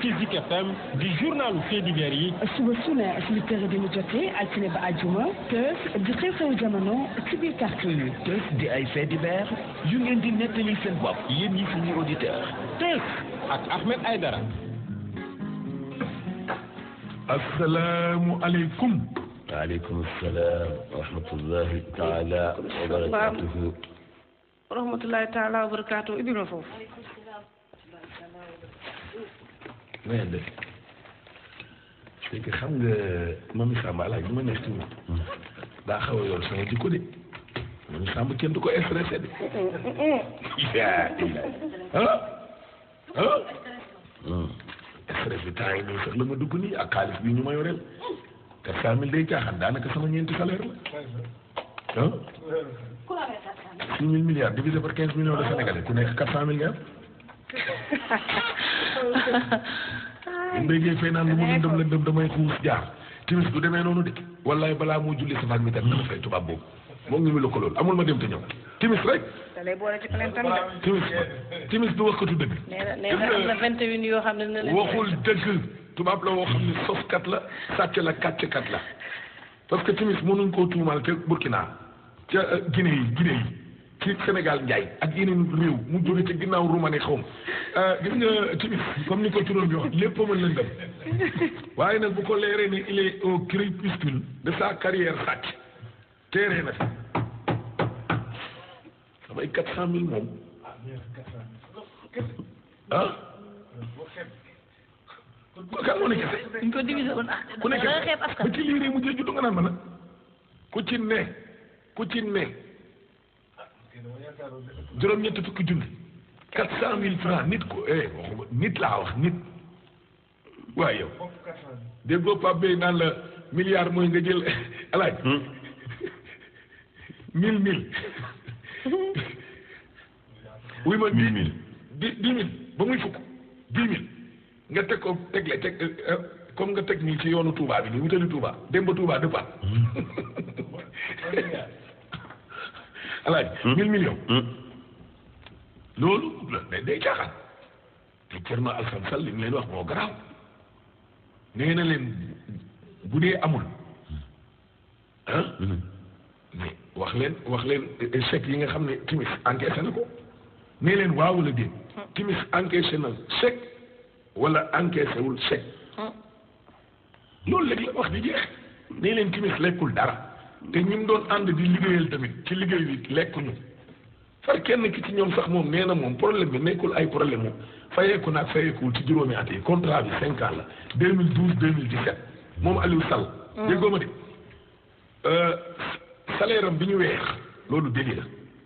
Zik FM di journalu faits divers yi suba su ne suñu tërë bi ñu jotee altine ba àjjuma tës di xew-xewu jamono ci biir quartier yi tës di ay faits divers yu ngeen di nettali seen bopp yéen ñi suñu auditeur tës ak Ahmed Aidara asalaamualeykum waaleykum salaam wa rahmatullahi taala wa barakatuhu wa rahmatullahi taala wa barakatuhu ibiro foofu na ngeen def c'est xam nga mami Samba alaaj bi ma neex ci moom hmm. daa xaw a yor sama jikko de mami Samba kenn du ko stressé de ah ah stress bi temps yi nii sax la ma dugg nii ak xaalis bi ñu ma yoreel quatre cent mille day caaxaan daanaka sama ñeenti salaire la ah six mille milliards divisé par quinze millions de sénégalais ku nekk quatre cent milliards ndéggee fay naan lu mu lëndëm lëndëm damay xuus jaar timis du demee noonu de wallaay balaa moo julli safaak mi tam dama fay tubaab boobu moom ngi mu lëkkalool amul ma dem te ñëw timis rek da lay boole ci plainte tam de timis timis du waxkatu dëgg xam ne dëgg tubaab la woo xam ne sofkat la sàcc la kàcc kat la parce que timis mënuñ koo tuumaal ca Burkina ca euh, Guinée yi Guinée yi ci Sénégal Ndiaye ak yeneen réew mu jóge ci ginnaaw Roumanie xaw ma euh, gis nga tamit comme ni ko turam bi wax lépp mën lëndëm waaye nag bu ko leeree ni il est au crépuscule de sa carrière sàcc teeree na samay quatre cent mille moom ah. ku nekk ku ci lii rek mu jëju du nga naan ma ku ci ne ku ci ne. juróom-ñetti fukki junni quatre cent mille francs nit ko eh, nit laa wax nit waaye yow déggoo Pape Bey naan la milliard mooy nga jël alaaj hmm? mille mille wuy ma dix mille dix mille ba muy fukk dix mille nga teg ko teg la teg euh, comme nga teg nii ci yoonu Touba bi nii wutali Touba dem ba Touba alaaj hmm? mille millions hmm? loolu day day caaxaan te Thierno Alassane Sall li leen wax moo garaaw nee leen bu dee amul ah hmm. mais wax leen wax leen chèque yi nga xam ne timis encaissé na ko nee leen waaw wala déet timis encaissé na chèque wala encaissé wul chèque loolu léegi la wax di jeex nee leen timis lekkul dara te ñu mu doon ànd di liggéeyal tamit ci liggéey bi lekkuñu far kenn ki ci ñoom sax moom nee na moom problème bi nekkul ay problème moom fayeeku naag fayeekuwul ci juróomi at yi contrat bi cinq ans la 2012 2017 moom Aliou Sall. Mm. déggoo ma de euh, salaire bi ñu weex loolu déli la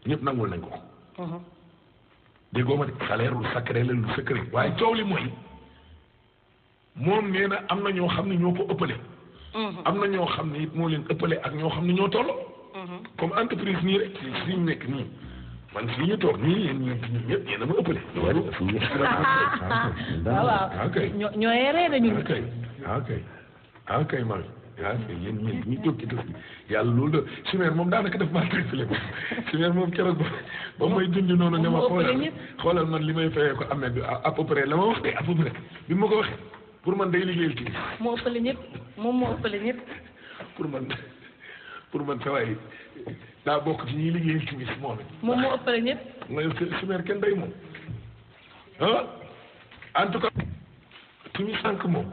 ñëpp nangul nañ ko. Mm-hmm. déggoo ma de salaire lu sacré la lu secret waaye coow li mooy moom nee am na ñoo xam ne ñoo ko ëppale. Mm-hmm. am na ñoo xam ne it moo leen ëppale ak ñoo xam ne ñoo tolloo. Mm-hmm. comme entreprise nii rek si ñu nekk nii man fii ñu toog nii yéen ñëpp ñëpp yéen a ma ëppale. loolu aussi yéen a ma waaw ah, ah, ok ñoo ñoo dañu. Ah, ok ok ok man ah yéen ñi ñu jóg ci dëkk yàlla loolu la Chimère moom daanaka daf maa tëkkale moom Chimère moom keroog ba ba may dund noonu ne ma xoolal man li may fayee ko amee bi à peu près la ma wax de à bi ma ko waxee. pour man day liggéeyal kii. moo ëppale ñëpp moom moo ëppale ñëpp. pour man pour man sa waay daa bokk ci ñuy liggéeyal kii bi si moom it. moom moo ëppale ñëpp. mooy sumeer kenn day moom ah en tout cas. suñu sànq moom.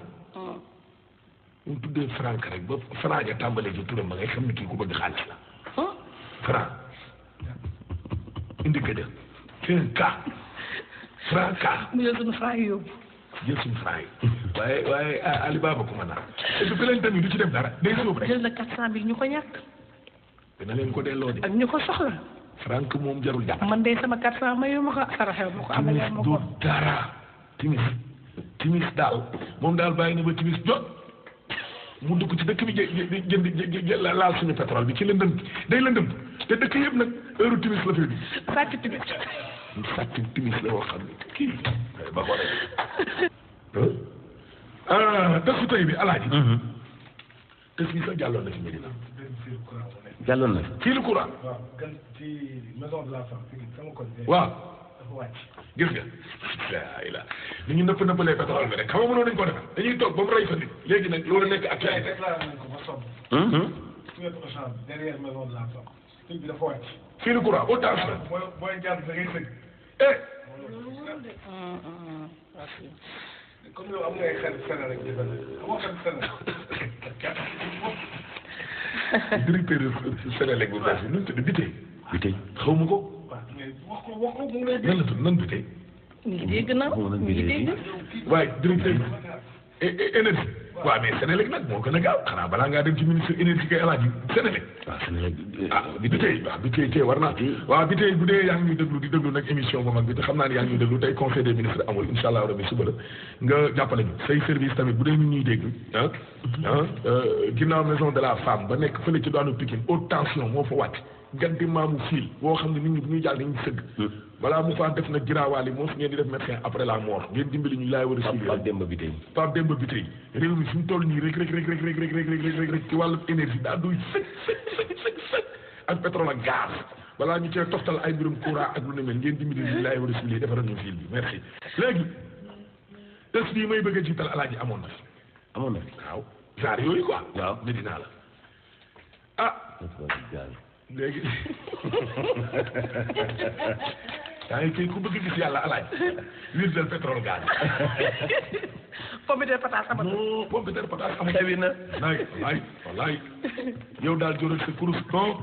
ñu hmm. tuddee franc rek ba franc ja tàmbalee ci turam ba ngay xam ne kii ku bëgg xaalis la. Hmm? franc indi gëj a. c'est un cas franc cas. mu yor suñu franc yóbbu. jël suñu franc yi. waaye waaye ah, Alibaba ko mën naa. et puis beneen tamit du ci dem dara day gën a. jël na 400 bi ñu ko ñàkk. dina leen ko delloo de. ak ñu ko soxla. franc moom jarul dara. man de sama 400 mayu ma ko saraxew ma ko amalee ma ko. timis du dara timis. timis daal moom daal bàyyi na ba timis jot mu dugg ci dëkk bi jë jë jë laal suñu pétrole bi ci lëndëm day lëndëm te dëkk yëpp nag heure timis la fay bi sàcc timis la woo xam ne kii ba ko rek ah tasu tey bi alaaji mhm. tas bi sax jàlloon na ci Medina jàlloon na ci la ni ñu nëpp nëppalee mu rey fa nit léegi nag loolu nekk ak yaay mhm. fii lu comme yow am ngay xarit feneen rek di feneen directeur Sénélec bu mu ko. wax ko wax nan la tudd nan Biteye. ngi dégg na ngi dégg. waaye directeur waaw mais Sénélec nag moo gën a gaaw xanaa balaa ngaa dem ci ministre énergie El Hadji Sénélec. waaw Sénélec ah bi tey waaw bi tey tey war naa. waaw bi tey bu dee yaa ngi ñuy di déglu nag émission bu mag bi te xam naa ne yaa ngi ñuy déglu tey conseil des amul incha allah suba la nga jàppale ñu say service tamit bu dee ñu ñuy dégg ah. ah euh, ginnaaw maison de la femme ba nekk fële ci daanu Pikine haute tension moo fa wàcc. ganti maamu fiil boo xam ne nit ñi bu ñuy jàll dañuy sëgg balaa mu faa def nag giraawaali moom su ngeen di def médecin après la mort ngeen dimbali ñu laay war a suivre Pape Demba bi tey Pape Demba mi fi mu toll nii rek rek balaa ñu cee toftal ay mbirum courant ak lu ne mel ngeen dimbali ñu a suivre defaral ñu fiil bi merci léegi test yi may bëgg a jiital alaaji amoon na fi amoon na fi waaw genre yooyu quoi waaw Medina la ah léegi yaa ngi kii ku bëgg gis yàlla alaaj wirgel pétrole gaz. pompiteer pataas sama. non pompiteer pataas sama. xewi na. wallaay wallaay yow daal jóoral sa kurus non.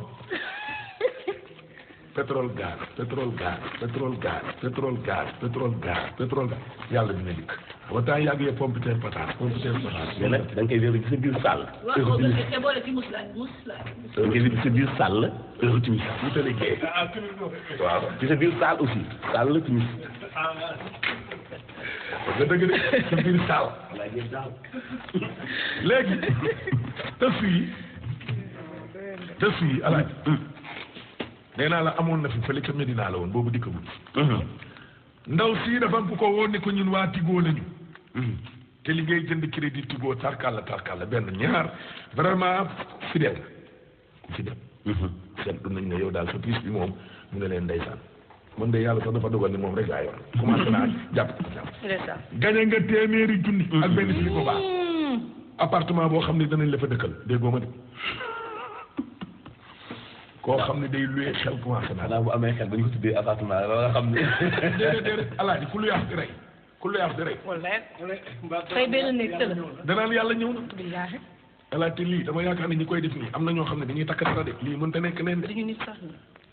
pétrole gaz pétrole gaz pétrole gaz pétrole gaz pétrole gaz pétrole gaz yàlla dina dikk ba temps yàgg yee pompiteer pataas pompiteer pataas. mais nag da nga koy wéeru ci sa biir sàll. waaw te boole ci muslaay muslaay. da nga koy wéeru ci sa biir sàll. heure timis mu tële gee. Ah, ah, waaw ci sa biir sàll aussi. sàll la timis. nga ah, dëgg de ci biir sàll. léegi tës yi tës yi alaaj nee naa la amoon na fi fële ca Medina la woon boobu dikkagul. Mhm. ndaw sii dafa am ku ko woo ne ko ñun waa Tigo lañu. Mhm. te li ngay jënd crédit Tigo tarkalla tarkalla benn ñaar vraiment fidèle ku fidèle. Mhm. seetlu nañ ne yow daal sa bi moom mu ne leen ndeysaan mën de yàlla sax dafa dogal ni moom rek laa yor. commencé naa jàpp gañe nga téeméeri junni. ak benn si ko baax. Mm. appartement boo xam ne danañ la fa dëkkal déggoo ma de. koo xam ne day luwee xel commencé naa. xanaa amee xel ba ñu ko tuddee appartement xam ne. déedéet déedéet alaaji ku luy di rey ku luy di rey. yàlla ñëw na. billaahi. alaaji te lii dama yaakaar ne ñi koy def nii am na ñoo xam ne dañuy takk dara de lii mënta nekk neen de. dañu nit sax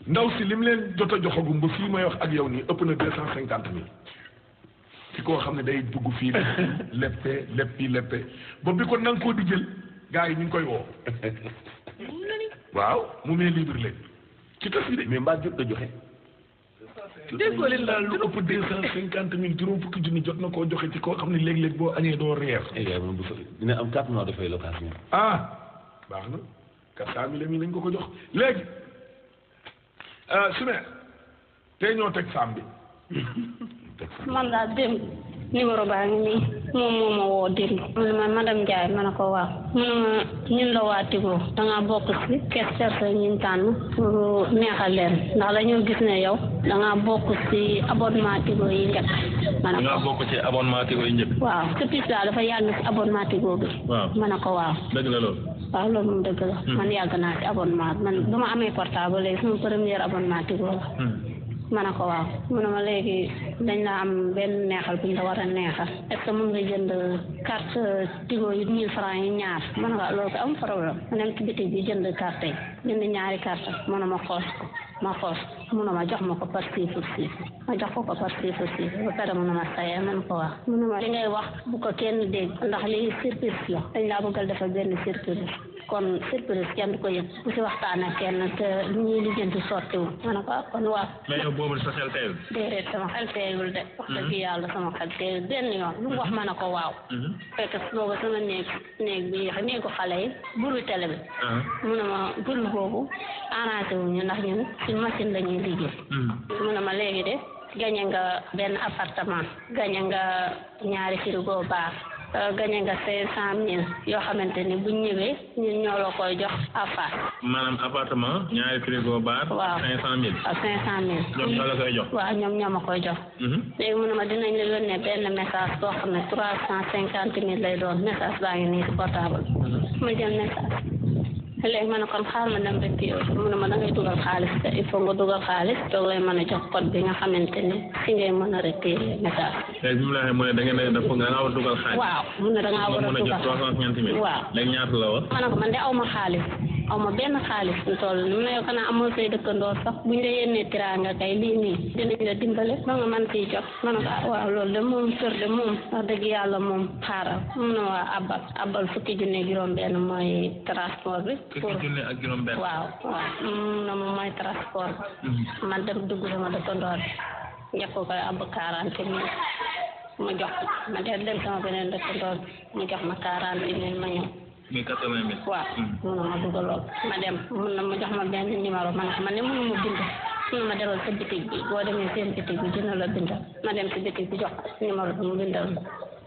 ndaw si lim leen jot a gum ba fii may wax ak yow nii ëpp na deux cent cinquante mille. ci koo xam ne day dugg fii leppe leppi leppe ba bi ko nang koo di jël gaa yi ñu ngi koy woo. waaw mu mee libre leen ci tas yi de mais mbaa jot na joxe. déggoo leen daal lu ëpp deux cent cinquante fukki junni jot na koo joxe ci koo xam ne léeg-léeg boo añee doo reer. eh bu dina am quatre mois de fay location. ah baax na quatre cent mille mi nañ ko ko jox léegi euh, su ne tey ñoo teg saam bi. man daal démb numéro baa ngi nii. moom moo ma woo démb mu ne ma madame Ndiaye ma ko waaw mu ne ma ñun la waa Tigo bokk si kees tànn pour neexal leen ndax gis ne yow da bokk si abonnement Tigo yi njëkk. ma ne ko nga ci abonnement Tigo yi njëkk. waaw depuis daal dafa yàgg ko waaw. dëgg la loolu. waaw loolu moom dëgg la. Hmm. man yàgg naa si abonnement man ba ma amee Tigo la. Hmm. ma ne ko waaw mu ne ma léegi dañ la am benn neexal bu ñu la war a neexal est ce que nga jënd carte tigo yu mille franc yi ñaar ma ne ko ah, loolu ko am problème ma dem bitig bi jënd carte yi jënd ñaari carte mu ne ma xoos ko ma xoos mu ne ma jox ma ko par six pour six ma ko ko par six pour six ba pare mu ne ma saye a ko wax mu ne ma li ngay wax bu ko kenn dégg ndax lii surprise la dañ laa bëggal defal benn surprise kon surprise kenn du ko yëg ku si waxtaan ak kenn te lu ñuy lijjanti sottiwul ma ne ko ah, kon waaw. mais sama xel teewul de. wax dëgg mhm. yàlla sama xel teewul benn yoon lu mu wax ma ne ko waaw. Mhm. fekk boobu sama néeg néeg bi néegu xale yi buru télé bi. Ah. mu ne ma buru boobu arrangé ndax ñun ci machine lañuy liggéey. Mhm. mu ne ma léegi de gañe nga benn appartement gañe nga ñaari frigo baar. Euh, gañe nga cinq cent mille yoo xamante ni bu ñëwee ñun ñoo la koy jox appart maanaam appartement ñaari frigo baar waaw cinq cent mille a ah, cinq cent mille ñoom ñoo la koy jox waaw ñoom ñoo ma koy jox mm-hmm. léegi mu ne ma dinañ la yónnee benn message boo xam ne trois cent cinquante mille lay doon message baa ngi nii si portable mm-hmm. ma jël message léegi ma a kon xaar ma dem rek yow mu ne ma dangay dugal xaalis te il faut nga dugal xaalis doog lay mën a jox code bi nga xamante ne si ngay mën a rek message. léegi bi mu la waxee mu ne da ngeen di def nga war a dugal xaalis. waaw mu ne da ngaa war a dugal waaw léegi ñaata la woon. ma ne ko man de aw ma xaalis. aw benn xaalis bu toll ni mu ne yow xanaa amoo say dëkkandoor sax buñ la yénnee tiraanga kay lii nii dinañ la dimbale ba nga mën ciy jot ma ne ko ah, loolu de moom kër de moom dëgg yàlla moom xaaral mun na waa abal abal fukki junne juróom-benn waaw waaw mun na moom mooy transport bi. Mhm. man dem dugg sama dëkkandoor bi njëkk koy ab quarante mille mu jox ma dem sama beneen dëkkandoor bi mu jox ma quarante mille ma ñëw. muy quatre vingt waaw mënuma ma dugal lool ma dem mun na ma jox ma benn numéro ma ne ma ne ma bind mun na ma delal sa bitig bi boo demee seen bitig bi dina la bindal ma dem si bitig bi jox numéro bi mu bindal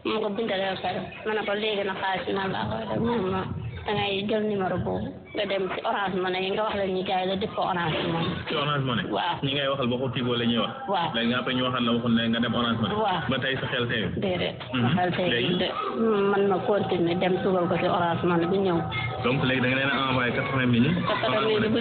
ma ko bindalee ba pare ma ne ko léegi na xaalis na laa koy def ma ne ma dangay jël numéro boobu. nga dem ci orange money yi nga wax leen la def ko orange money. ci ñi ngay waxal waxu Tigo la ñuy wax. waaw léegi nga après ñu waxal man ma mhm. continuer dem sugal ko ci orange money bi ñëw. donc léegi da nga leen a envoyé quatre vingt mille. quatre vingt mille bu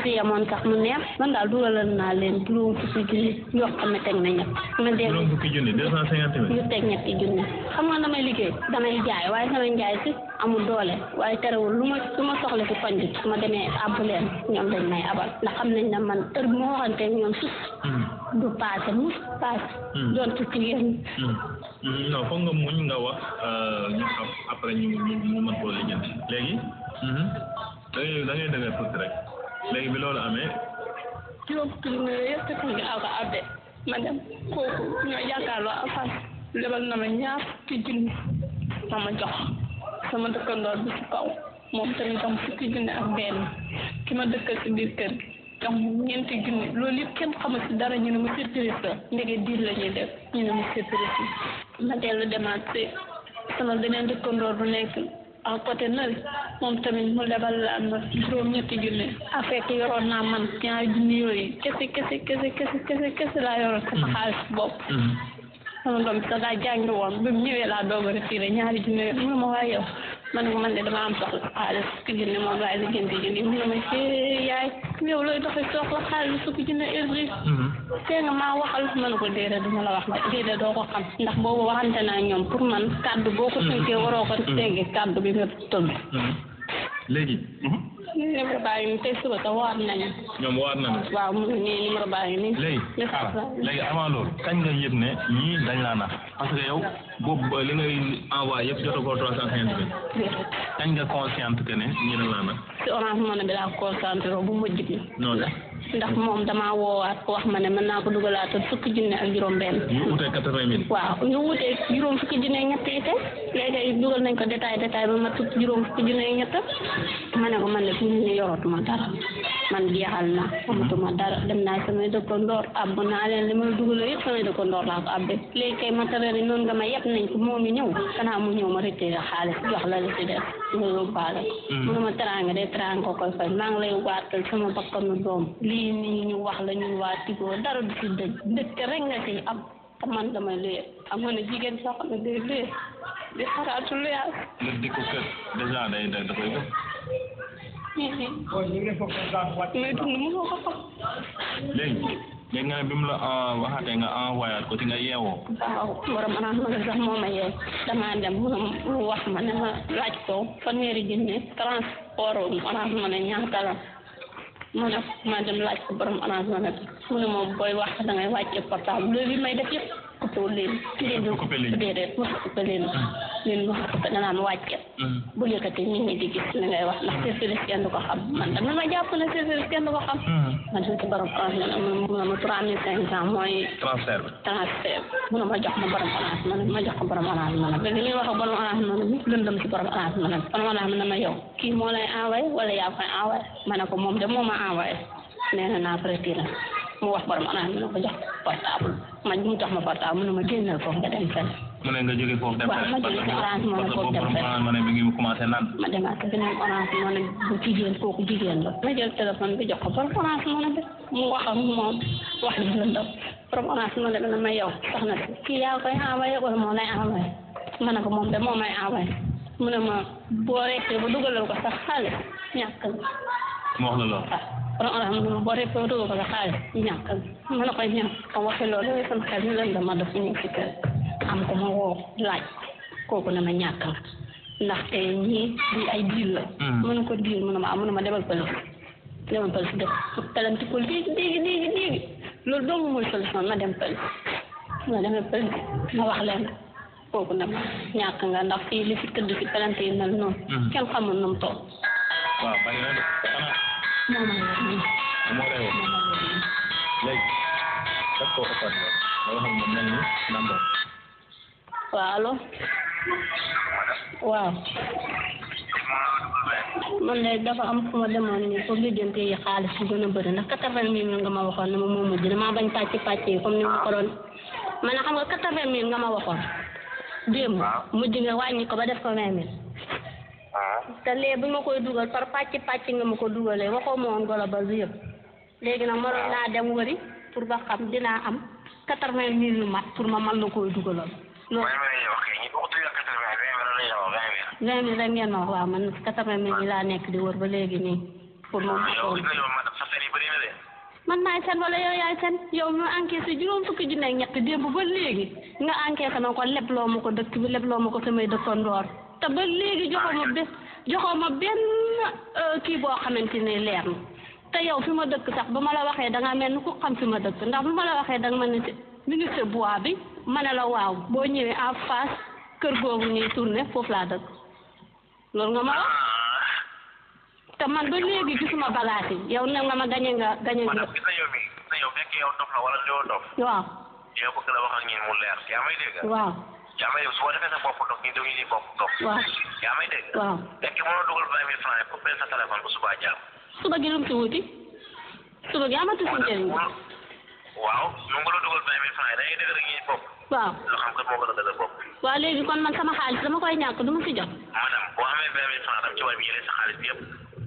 ci liggéey damay jaay waaye damay jaay si amul doole waaye terewul lu ma lu ma soxla si koñ bi demee àbb leen ñoom dañ may abal ndax nañ ne man heure bu ma waxanteeg ñoom sus hmm. du passé mus passé hmm. donte ci yéen hmm. non foog nga muñ nga wax euh, ñu xam après ñu ñu mën koo léegi da ngay da rek léegi bi loolu amee juróom téeméer yëpp te nga aw ko abde ma dem kooku ñoo jàkkaarloo ak fan lebal na ma ñaar ci junni ma ma jox sama dëkkandoor bi ci kaw moom tamit am fukki junne ak benn ki ma dëkkal si biir kër gi ñeenti junne loolu yëpp kenn xamul si dara ñu ne ma surprise la ndege diir la ñuy def ñu ne demaat si sama beneen dëkkandoor bu nekk à côté nal moom tamit mu lebal la ma juróom ñetti junne yoroon naa man ñaari junne yooyu kese kese kese kese laa yoroon sama mm-hmm. xaalis bopp mm-hmm. sama doom bi sax jàngi woon bi mu ñëwee laa doog a retiré ñaari junne yooyu mu ne ma waaye yow man ne man de dama am soxla xaalis ku génne moom waaye li génne junni mu ne ma ci yaay yow looy doxi soxla xaalis su ko junne Idriss mhm. tee nga maa waxal ma ne ko déedéet duma la wax de déedéet doo ko xam ndax boobu waxante naa ñoom pour man kàddu boo ko tënkee waroo ko mhm. tege kàddu bi nga tënk mhm. léegi numéro baa ngi nii tey suba te nañu. ñoom waat nañu. waaw mu ngi nii baa ngi nii. léegi ah léegi loolu. kañ nga yëg ne ñii dañ laa nax parce que yow boobu li ngay envoyé yëpp jotagoo trois cent cinquante bi. kañ nga consciente que ne ñii dañ laa nax. si orange money bi laa consciente bu mujj bi. non de. ndax moom dama woowaat ko wax ma ne mën naa ko dugalaatal fukki junne ak juróom-benn. ñu wutee quatre-vingt mille. waaw ñu wutee juróom fukki junne ñett yi te léegi dugal nañ ko détail détail ba ma tudd juróom fukki junne ñett ma ne ko man de fi mu ne yoratuma man jeexal na amatuma dara dem naa samay dëkkandoor àbb naa leen li ma dugalee yëpp samay dëkkandoor laa ko àbbee léegi kay matériel yi noon nga ma yeb nañ ko moom mi ñëw xanaa mu ñëw ma retiré xaalis jox la li ci def nga yóbbaale ko. Mm. mu ne ma teraanga de teraanga ko koy fay maa ngi lay waatal sama bakkanu doom li nii ñu wax la ñun waa Tigo dara du ci dëj ndëkk rek nga ciy am te man dama luye amoon na jigéen soo xam ne day luye di xaraatu luyaas. nga di ko kër dèjà day day dafay ko ko. léegi nga ne bi euh, ko ci nga yeewoo. waaw borom anaan ma ne sax moo ma yeew damaa dem ma ne ma laaj ko fanweeri junni transport anaan ma ne ñaata la. ma ne ma dem laaj ko borom orange ma ne mu ne moom booy wax dangay wàcce portable bi may def waxtu leen leen di déedéet mosut ëpp leen wax leen mosut ëpp danaan waaj kat bu yëkkati nit ñi di gis li ngay wax ndax service kenn du ko xam man tam ma jàpp ne service kenn du ko xam man suñ ci borom place man mu ne ma trois mille cinq cent mooy transfert transfert mu ne ma jox ma borom orange ma ne ma jox ko borom orange ma ne li ñuy wax ak borom orange ma ne ñëpp lëndëm ci borom orange ma ne borom orange ma ne ma yow kii moo lay envoyé wala yaa koy envoyé ma ne ko moom de moo ma envoyé nee na naa ko retiré mu wax borom ana mu ne ko jox ma mu jox ma portable mu ne ma génnal foofu nga dem fenn mu ne nga jóge foofu dem fenn parce que orange moo ne foofu ne mi ngi commencé naan ma demaat beneen orange moo ne bu jigéen kooku jigéen la ma jël téléphone bi jox ko borom orange moo ne mu wax ak moom wax li la ndaw borom orange moo ne ma yow sax na kii yaa koy envoyé wala moo lay ne ko moom de moo may envoyé mu ne ma boo rekkee ba dugalal ko sax xaalis ñàkk la mu wax la loolu. Ah, kon alhamdulilah boo dee foofu dugg ko xaalis ñàkk ma la koy ñàkk ko waxee loolu yooyu sama xel mi lan dama def ñu ci kër am ko ma woo laaj kooku ne ma ñàkk la ndaxte ñii di ay diir la. mën hmm. na ko diir mën na ma am ah, mën na ma demal pëlis demal pëlis def pelanti ko léegi léegi léegi léegi loolu doomu mooy solution ma dem pëlis ma demee pëlis ma wax leen kooku ne ma ñàkk nga ndax fii li fi tëdd ci pelanti yi mel noonu. Hmm. kenn xamul nu mu toll. waaw bari na de moo may wax nii. moo lay waaw man de dafa am fu ma demoon nii pour li jëm yi bu gën a bëri ndax quatre-vingt mille nga ma waxoon ne ma moo mujj bañ pàcc pàcc yi ni ma ko doon man xam nga quatre-vingt nga ma waxoon démb mujj nga wàññi ko ba def ko vingt te lee bi ma koy dugal par pàcc pàcc nga ma ko dugalee waxoo ma woon golo ba yëpp léegi nag ma doon naa dem wëri pour ba xam dinaa am quatre vingt mille yu mat pour ma mën la koy dugalal. loolu vingt mille ngeen ma wax waaw man quatre vingt mille laa nekk di wër ba léegi nii pour ma man maay seen wala yow yaay seen yow mu encaissé juróom fukki junne ak ñett démb ba léegi nga encaissé ma ko lebloo ma ko dëkk bi lebloo ma ko samay dëkkandoor te ba léegi joxo ma joxoo ma benn euh, kii boo xamante ne leer na te yow fi ma dëkk sax ba ma la waxee da mel ni ku xam fi ma dëkk ndax bu ma la waxee da nga mel ni ministre bois bi ma la waaw boo ñëwee en face kër googu ñuy tourné foofu laa dëkk loolu nga ma te man ba léegi balaat yi yow ne nga ma gañe nga gañe nga. na yow waaw. yaa may su ko defee sa bopp ndox ñu déglu ñuy bopp ndox. waaw yaa may dégg. waaw léegi mënoo dugal vingt mille francs pour benn sa téléphone bu subaa jàmm. suba gi lu mu ci wuti. suba gi amatu si njëriñ. waaw nu nga la dugal vingt mille francs da ngay waaw loo xam kat moo gën a dëgër bopp. man sama xaalis dama koy ñàkk du ma si jot. maanaam boo amee vingt mille francs dama ci war a yële sa xaalis bi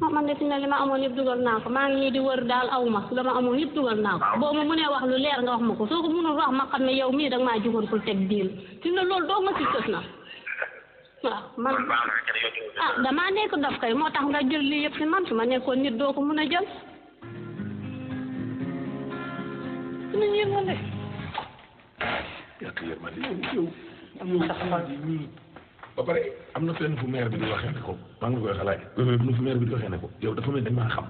ah man de fi li ma amoon yëpp dugal naa ko ma ngi di wër daal aw ma la ma amoon yëpp dugal naa ko boo ma mënee wax lu leer nga wax ma ko soo ko mënul wax ma xam ne yow mii danga maa jugoon pour teg diil fi mu ne loolu doo ma si sës na waaw man ah nekk dof kay moo tax nga jël lii yëpp si man su ma nekkoon nit doo ko mën a jël. nañ yërmande. yàq yërmande ba pare am na fenn fu maire bi di waxee ne ko maa ngi koy xalaat mhm. am na fu maire bi di waxee ko yow dafa mel dañ maa xam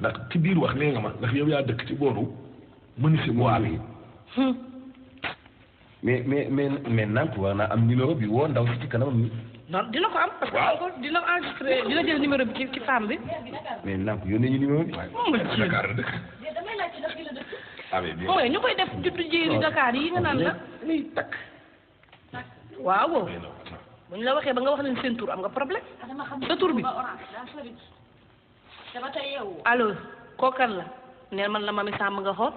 ndax ci biir wax nee nga ma ndax yow yaa dëkk ci booru menuisier moal yi. Hmm. mais mais mais mais Nank war naa bi woo ndaw ci kanam mi. non yi nga naan la. waaw. bu ñu la waxee ba nga wax leen seen tur am nga problème sa tur bi allo kookan la neen man la mami sàmm nga xool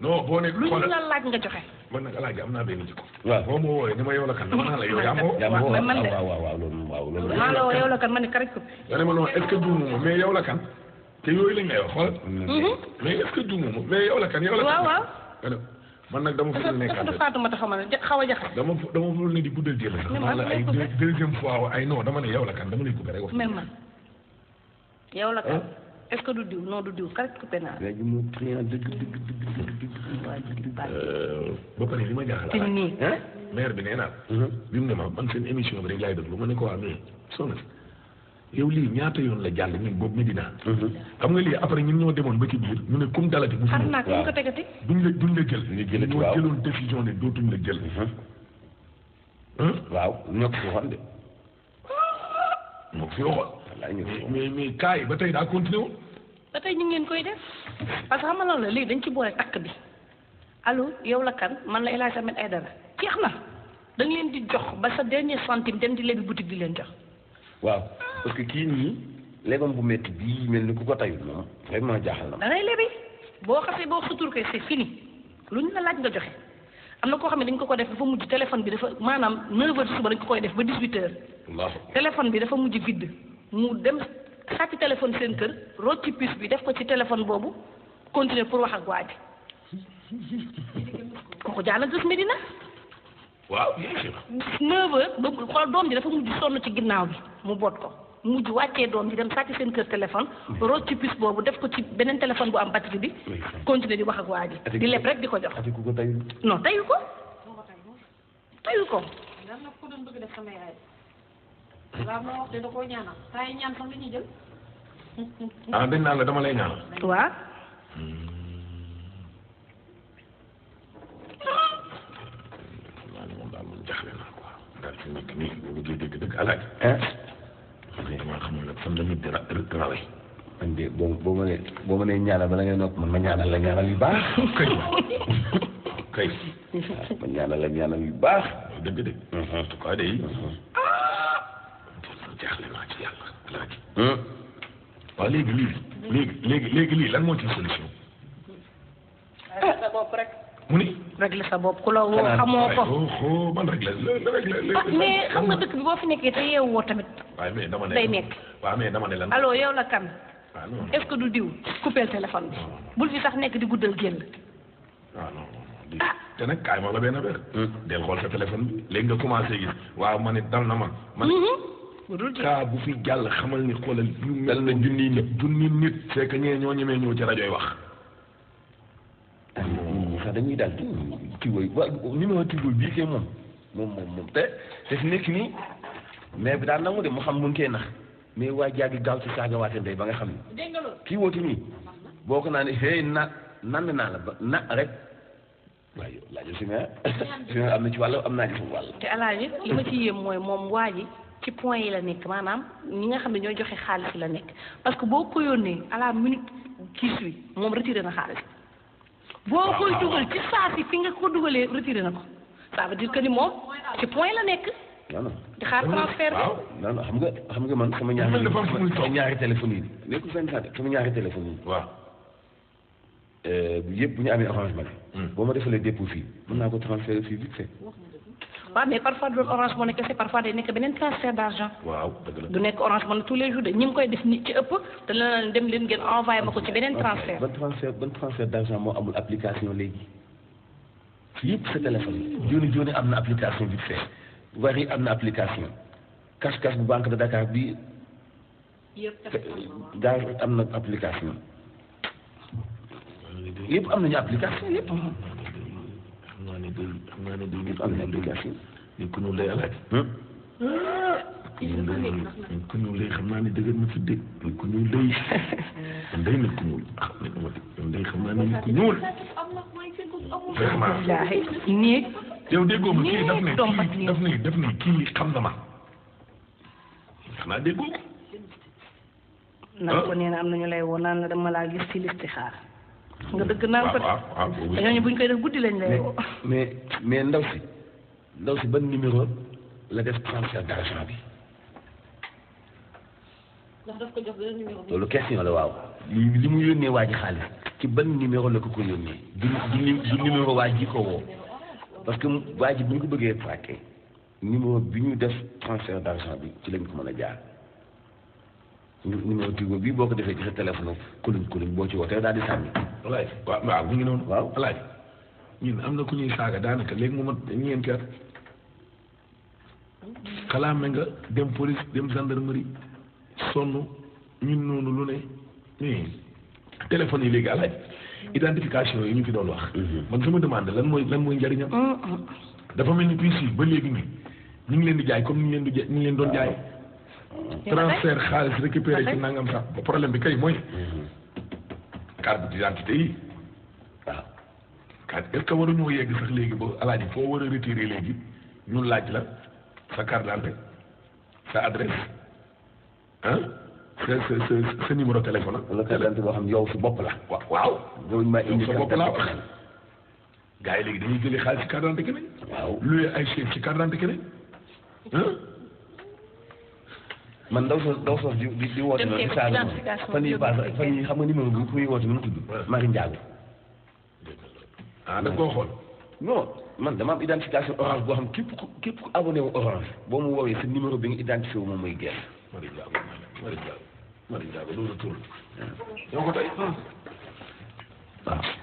non boo nekk lu la laaj nga joxe man nag am naa benn jikko boo ma wooyee ni ma yow la kan dama naa la yow yaa ma woo man de waaw waaw loolu waaw loolu maa la woo yow la kan ma ne karaj ko nga ne ma non est-ce que duumu ma mais yow la kan te yooyu lañ lay wax xool mm-hmm. mais est-ce que duumu ma mais yow la kan yow man nag dama ful ne kàddu Fatoumata xaw ma la xaw a jaxase. dama dama ful ne di guddal jël la. ma la ay deuxième fois ay non dama la kan dama lay rek wax. même man yow la kan. est euh, li maire bi nee mhm. bi mu ne ma man seen émission bi rek laay déglu ma ne ko waa mais yow lii ñaata yoon la jàll ñun boobu Medina. Mhm. xam nga lii après ñun ñoo demoon ba ci biir ñu ne comme dalati. bu xam naa ko ñu ko tegati. duñ la jël. ñu jël waaw ñoo ne jël. Mhm. waaw ñoo ko fi waxoon de. ñoo yi ba tey daa continué ba tey ñu ngeen koy def parce que xam nga loolu léegi dañ ci boole takk bi allo yow la kan man la El Hadj Ahmed Aidara jeex na da leen di jox ba sa dernier centime dem di lebi boutique di leen jox waaw. parce que kii nii léegam bu métti bii mel ni ku ko tayul moom vraiment jaaxal na. da ngay lebi boo xasee boo sutur ko c'est fini luñ la laaj nga joxe am na koo xam ne dañ ko ko def dafa mujj téléphone bi dafa maanaam 9h suba koy def ba 18h. waaw téléphone dafa mujj vide mu dem sàcc téléphone seen kër rocc ci puce bi def ko ci téléphone boobu continuer pour wax ak waa ji ko jaana gis Medina. waaw bien sûr. 9h ba xool doom ji dafa mujj sonn ci ginnaaw bi mu boot ko. mujj wàccee doom ji dem sàcc seen kër téléphone root boobu def ko ci beneen téléphone bu am batterie bi continuer di wax ak waa ji di leb di ko jox non tayu ko tayu ko waaw ma wax de da koo ñaanal saa ah, dama lay ñaanal. waaw. Hmm. vraiment xamul nag fan la nit di rawee. man boo boo ma nee boo ma nee ñaanal bala ngay nopp man ma ñaanal la ñaanal yu baax. kay kay. ma ñaanal la ñaanal yu baax. dëgg dëgg. Mm-hmm. en tout cas de. Mm-hmm. Ah! jaaxle naa ci yàlla alaaji. Hmm? waaw léegi lii. léegi léegi léegi lii lan moo ci rek. mu ni. régler sa bopp ku la woo xamoo ko xanaa man régler la ah mais xam nga dëkk bi boo fi nekkee te yeewoo tamit. waaye mais dama ne day nekk. waaw mais dama lan. allo yow la kan. Ah, nekk di guddal génn. Ah, ah. te nag kaay ma la benn affaire. Hmm. nga commencé gis waaw ma dal na ma. ma ne mhm. kaa bu fi jàll xamal ni xoolal yu mel na junniy nit junniy ñee ñoo ñemee ñëw ci rajoy wax. sax dañuy daal Tiwaayu waa numéro Tiwaayu bii kay moom moom moom moom te te fi nekk nii bi daal nangu de mu xam mu ngi koy mais waa jaagi gaaw ci saagawaate ba nga xam ne kii woote nii boo ko naa ne na nan naa la na rek waaye yow laajal si am na ci wàll am naa ci foofu wàll. ma mooy moom waa ji ci point yi la nekk ñi nga xam ne ñoo joxe xaalis la nekk parce que boo ko yónnee à la minute qui suit moom retiré na xaalis. boo koy dugal ci saa si fi nga ko dugalee retiré na ko ça veut dire moom ci point la nekk. non di xaar transfert bi waaw xam nga xam nga man sama ñaari. sama ñaari téléphone yi. nekkul fenn sant sama ñaari téléphone yi. waaw. Euh, yëpp bu ñu amee arrangement. Hmm. boo ma defalee dépôt fii mën naa ko transférer fii vite waaw mais parfois du doon orange money kese parfois day nekk beneen transfert d' argent. waaw dëgg du nekk orange money tous les jours de ñi koy def nit ci ëpp dana leen dem leen ngeen envoyé ma ko ci beneen transfert. ban transfert ban transfert d' argent moo amul application léegi yëpp sa téléphone yi. jooni jooni am na application vite fait Wari am na application cash cash bu banque de Dakar bi yëpp am na application yëpp am nañu application yëpp. bi xam naa ne bi ñu am obligation ñu ko ñuul lay alaaj ñu ko ñuul lay xam naa ne dëgër na fi dëgg ñu ko ñuul lay man day nit ku ñuul xam ne ma man day xam naa ne nit ku ñuul vraiment yow déggoo ma kii daf ne kii daf ne daf ne kii xam na ma xanaa déggoo ko nag ko nee na am nañu lay woo naan la dama laa gis ci listixaar nga dëgg naan ko de ñooñu bu ñu koy def guddi lañ lay mais mais ndaw si ndaw si ban numéro la def transfert d'argent bi. ndax question la waaw li li mu yónnee waa ji xaalis ci ban numéro la ko ko yónnee du du du numéro waa ji ko woo parce que waa ji ñu ko bëggee traqué numéro bi ñu def transfert d'argent bi ci lañ ko mën a jaar. numéro Tigo bii boo ko defee ci sa téléphone kulum boo ci wootee daal di sànni. walaay waaw waaw mu ngi noonu. waaw walaay ñun am na ku ñuy saaga daanaka léegi mu mat ñeenti at xalaame nga dem police dem gendarmerie sonn ñun noonu lu ne téléphone yi léegi alaaj identification yi ñu fi doon wax. Mhm. man ma demande lan mooy lan mooy njëriñam. dafa mel ni puce ba léegi nii ñu ngi leen di jaay comme ñu leen di ja ñu doon jaay. transfert xaalis récupéré ci nangam sax problème bi kay mooy carte d'identité yi waaw ah. est que waruñoo yegg sax léegi ba alaaji foo war a retiré léegi ñu laaj la sa carte d'identité sa adresse ah sa sa sa sa numéro boo xam yow su bopp la waaw yow ma indi sa bopp laa wax gars yi léegi dañuy jëlee xaalis ci carte d'identité keneen waaw ay chèque ci carte d'identité keneen man daw soo daw soo di di woote loolu di Saalum fan yii paase fan yii xam nga numéro bi fu muy woote nu mu tudd Marie Ndiago. ah man dama am identification orange boo xam képp ku képp ku abonné orange boo mu woowee sa numéro bi nga identifié wu moom mooy gerte. Marie Ndiago Marie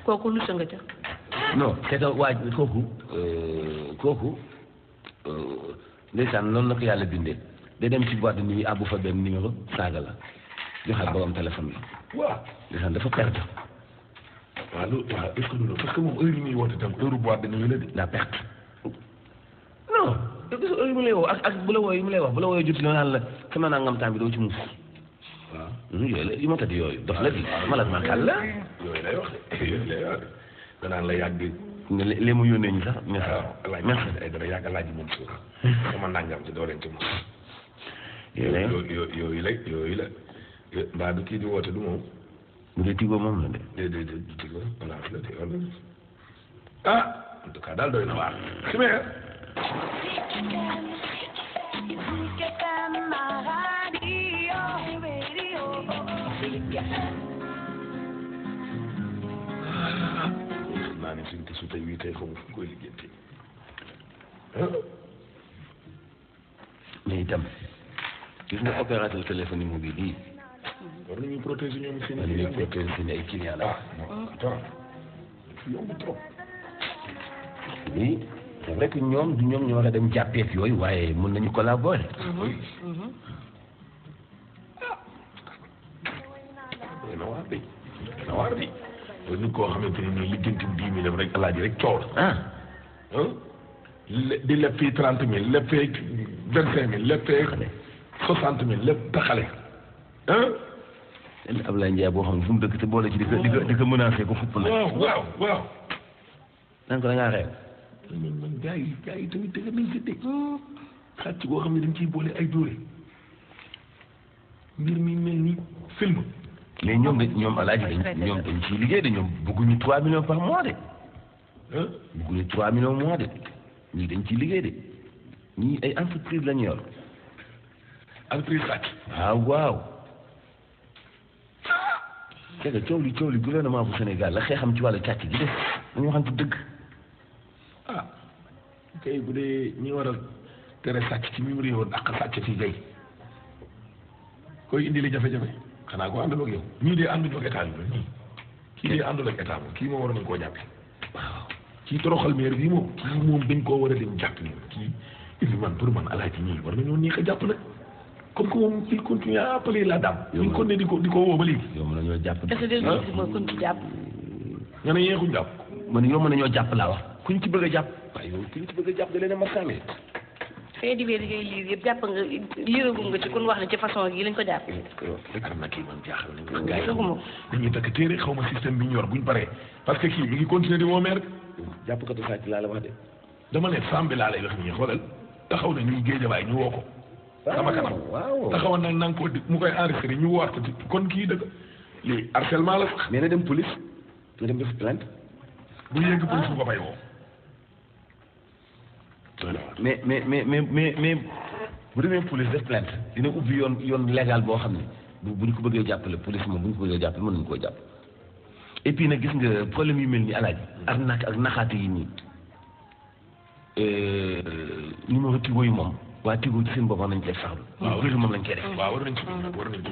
kooku lu sa nga ca. non te da waaj kooku euh, kooku euh, ndeysaan noonu la yàlla bindee. day dem ci boîte de nuit àbbu fa benn numéro saaga la joxaat borom téléphone bi. waaw ndeysaan dafa perte. waaw loolu waaw est-ce que loolu parce que moom heure yi muy woote tam heure boîte de nuit la de. daa perte. non gis nga heure yi mu lay woo ak ak bu la wooyee yi mu lay wax bu la wooyee jot na naan la sama nangam temps bi doo ci muus. waaw yooyu la yu ma tëdd yooyu dof la di malade mental la. yooyu lay wax de yooyu lay wax de danaan la yàgg. ne li mu yónnee ñu sax. waaw laaj merci dana yàgg laaj moom suuf sama nangam te yooyu yooyu la la mbaa du kii di woote du moom. Tigo moom la de. Tigo wala la de wala ah na waar ximeer. naa ne suñ ko suutee wii tey xamul fu koy liggéeyante ah. mais gis nga opérateur téléphone mu ngi nii. war nañu protéger ñoom seen i la. yomb trop. lii yooyu waaye mën nañu collaborer. Mhm, oui. Mhm. Ah. na waar koo xamante ne nii lijjanti ah. dix mille rek rek coow la. di vingt cinq mille lepp fii. Ah, soixante mille lépp taxale ah. benn Ablaye boo xam ne fu mu dëkk te boole ci di ko di ko di ko menacé ko ko da ngaa xam ne dañ ciy boole ay dóore mbir mi mel ni film. mais ñoom de ñoom alaaji dañ ñoom dañ ciy liggéey de ñoom bëgguñu trois millions par mois de. ah bëgguñu trois millions mois de ñii dañ ciy liggéey de ñii ay entreprise la ñu ak priskat ah, waaw waaw dégg nga coow li coow li gouvernement bu Sénégal la xeexam ci wàllu càcc gi def dañu waxante dëgg ah kay bu dee ñi war a tere sàcc ci mim réew ak sàcc fii kay koy indi li jafe-jafe xanaa ko àndul ak yow ñii dee àndul ak état kii dee àndul ak état koo jàppe waaw kii toroxal maire bi moom moom dañ koo war a leen jàpp ni kii il man pour man alaaji ñii war nañoo nii ko jàpp nag comme que moom il continue à appeler la dame. yow ko ne di ko woo ba léegi. yow man yow mën nañoo jàpp laa wax. ci bëgg a jàpp. a jàpp da leen a masaale. di nga liiragum ko na eh, kii man a nañ ma. gars yi dañuy takk xaw ma système bi ñu yor buñ paree parce que kii mi ngi continuer di woo meer. jàpp laa wax de. dama ne sàmm bi laa lay wax nii xoolal taxaw na ñu géejawaay ñu woo ko sama kanam ah, taxawoon nag nanga koo di mu koy enregistré ñu woowaat ko di kon kii dëgg lii harcèlement la sax. mais na dem police na dem def plainte. bu yegg police bu ko mais mais mais mais mais bu demee police dina ubbi yoon yoon légal boo xam ne bu ñu ko bëggee jàppale police moom bu ñu ko bëggee jàppale mën nañu koo jàpp. et puis nag gis nga problème yu mel ni alaaj ak nak ak naxaate yi nii euh, numéro tigo yi moom. waa tigo ci seen bopp nañ cee saxlu. waaw moom lañ cee def. waaw war nañ ci dugg war nañ ci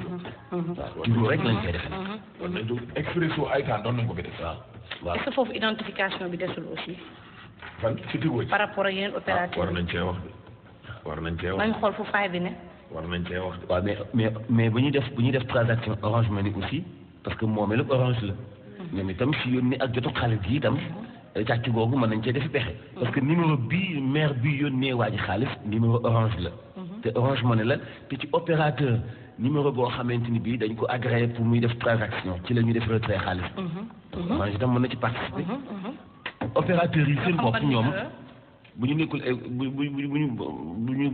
lañ cee def. war nañ dugg ko fi def. waaw waaw est-ce foofu identification bi desul aussi. fan ci tigo par rapport ak yeneen ah, opérateur war nañ wax war nañ cee wax nañ xool fu faay bi ne. nañ cee wax waaw mais mais bu ñuy def bu ñuy def transaction orange money aussi parce que moomeel ak orange la. Hmm. ñoom itam si yónni ak jotu xaalis yi itam. Hmm. càcc googu mën nañ cee def pexe. parce que numéro bi maire bi yónnee waa ji xaalis numéro orange la. te orange ne la te ci opérateur numéro boo xamante ni bii dañ ko agréé pour muy def transaction ci la ñuy def retrait xaalis. Mhm, mhm, mhm. orange itam mën na ci participer. opérateur yi seen bopp ñoom. bu ñu nekkul ay bu bu bu ñu bu ñu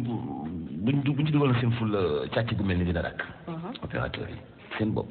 bu ñu bu ñu seen ful càcc gu mel ni dina dàkk. opérateur yi seen bopp.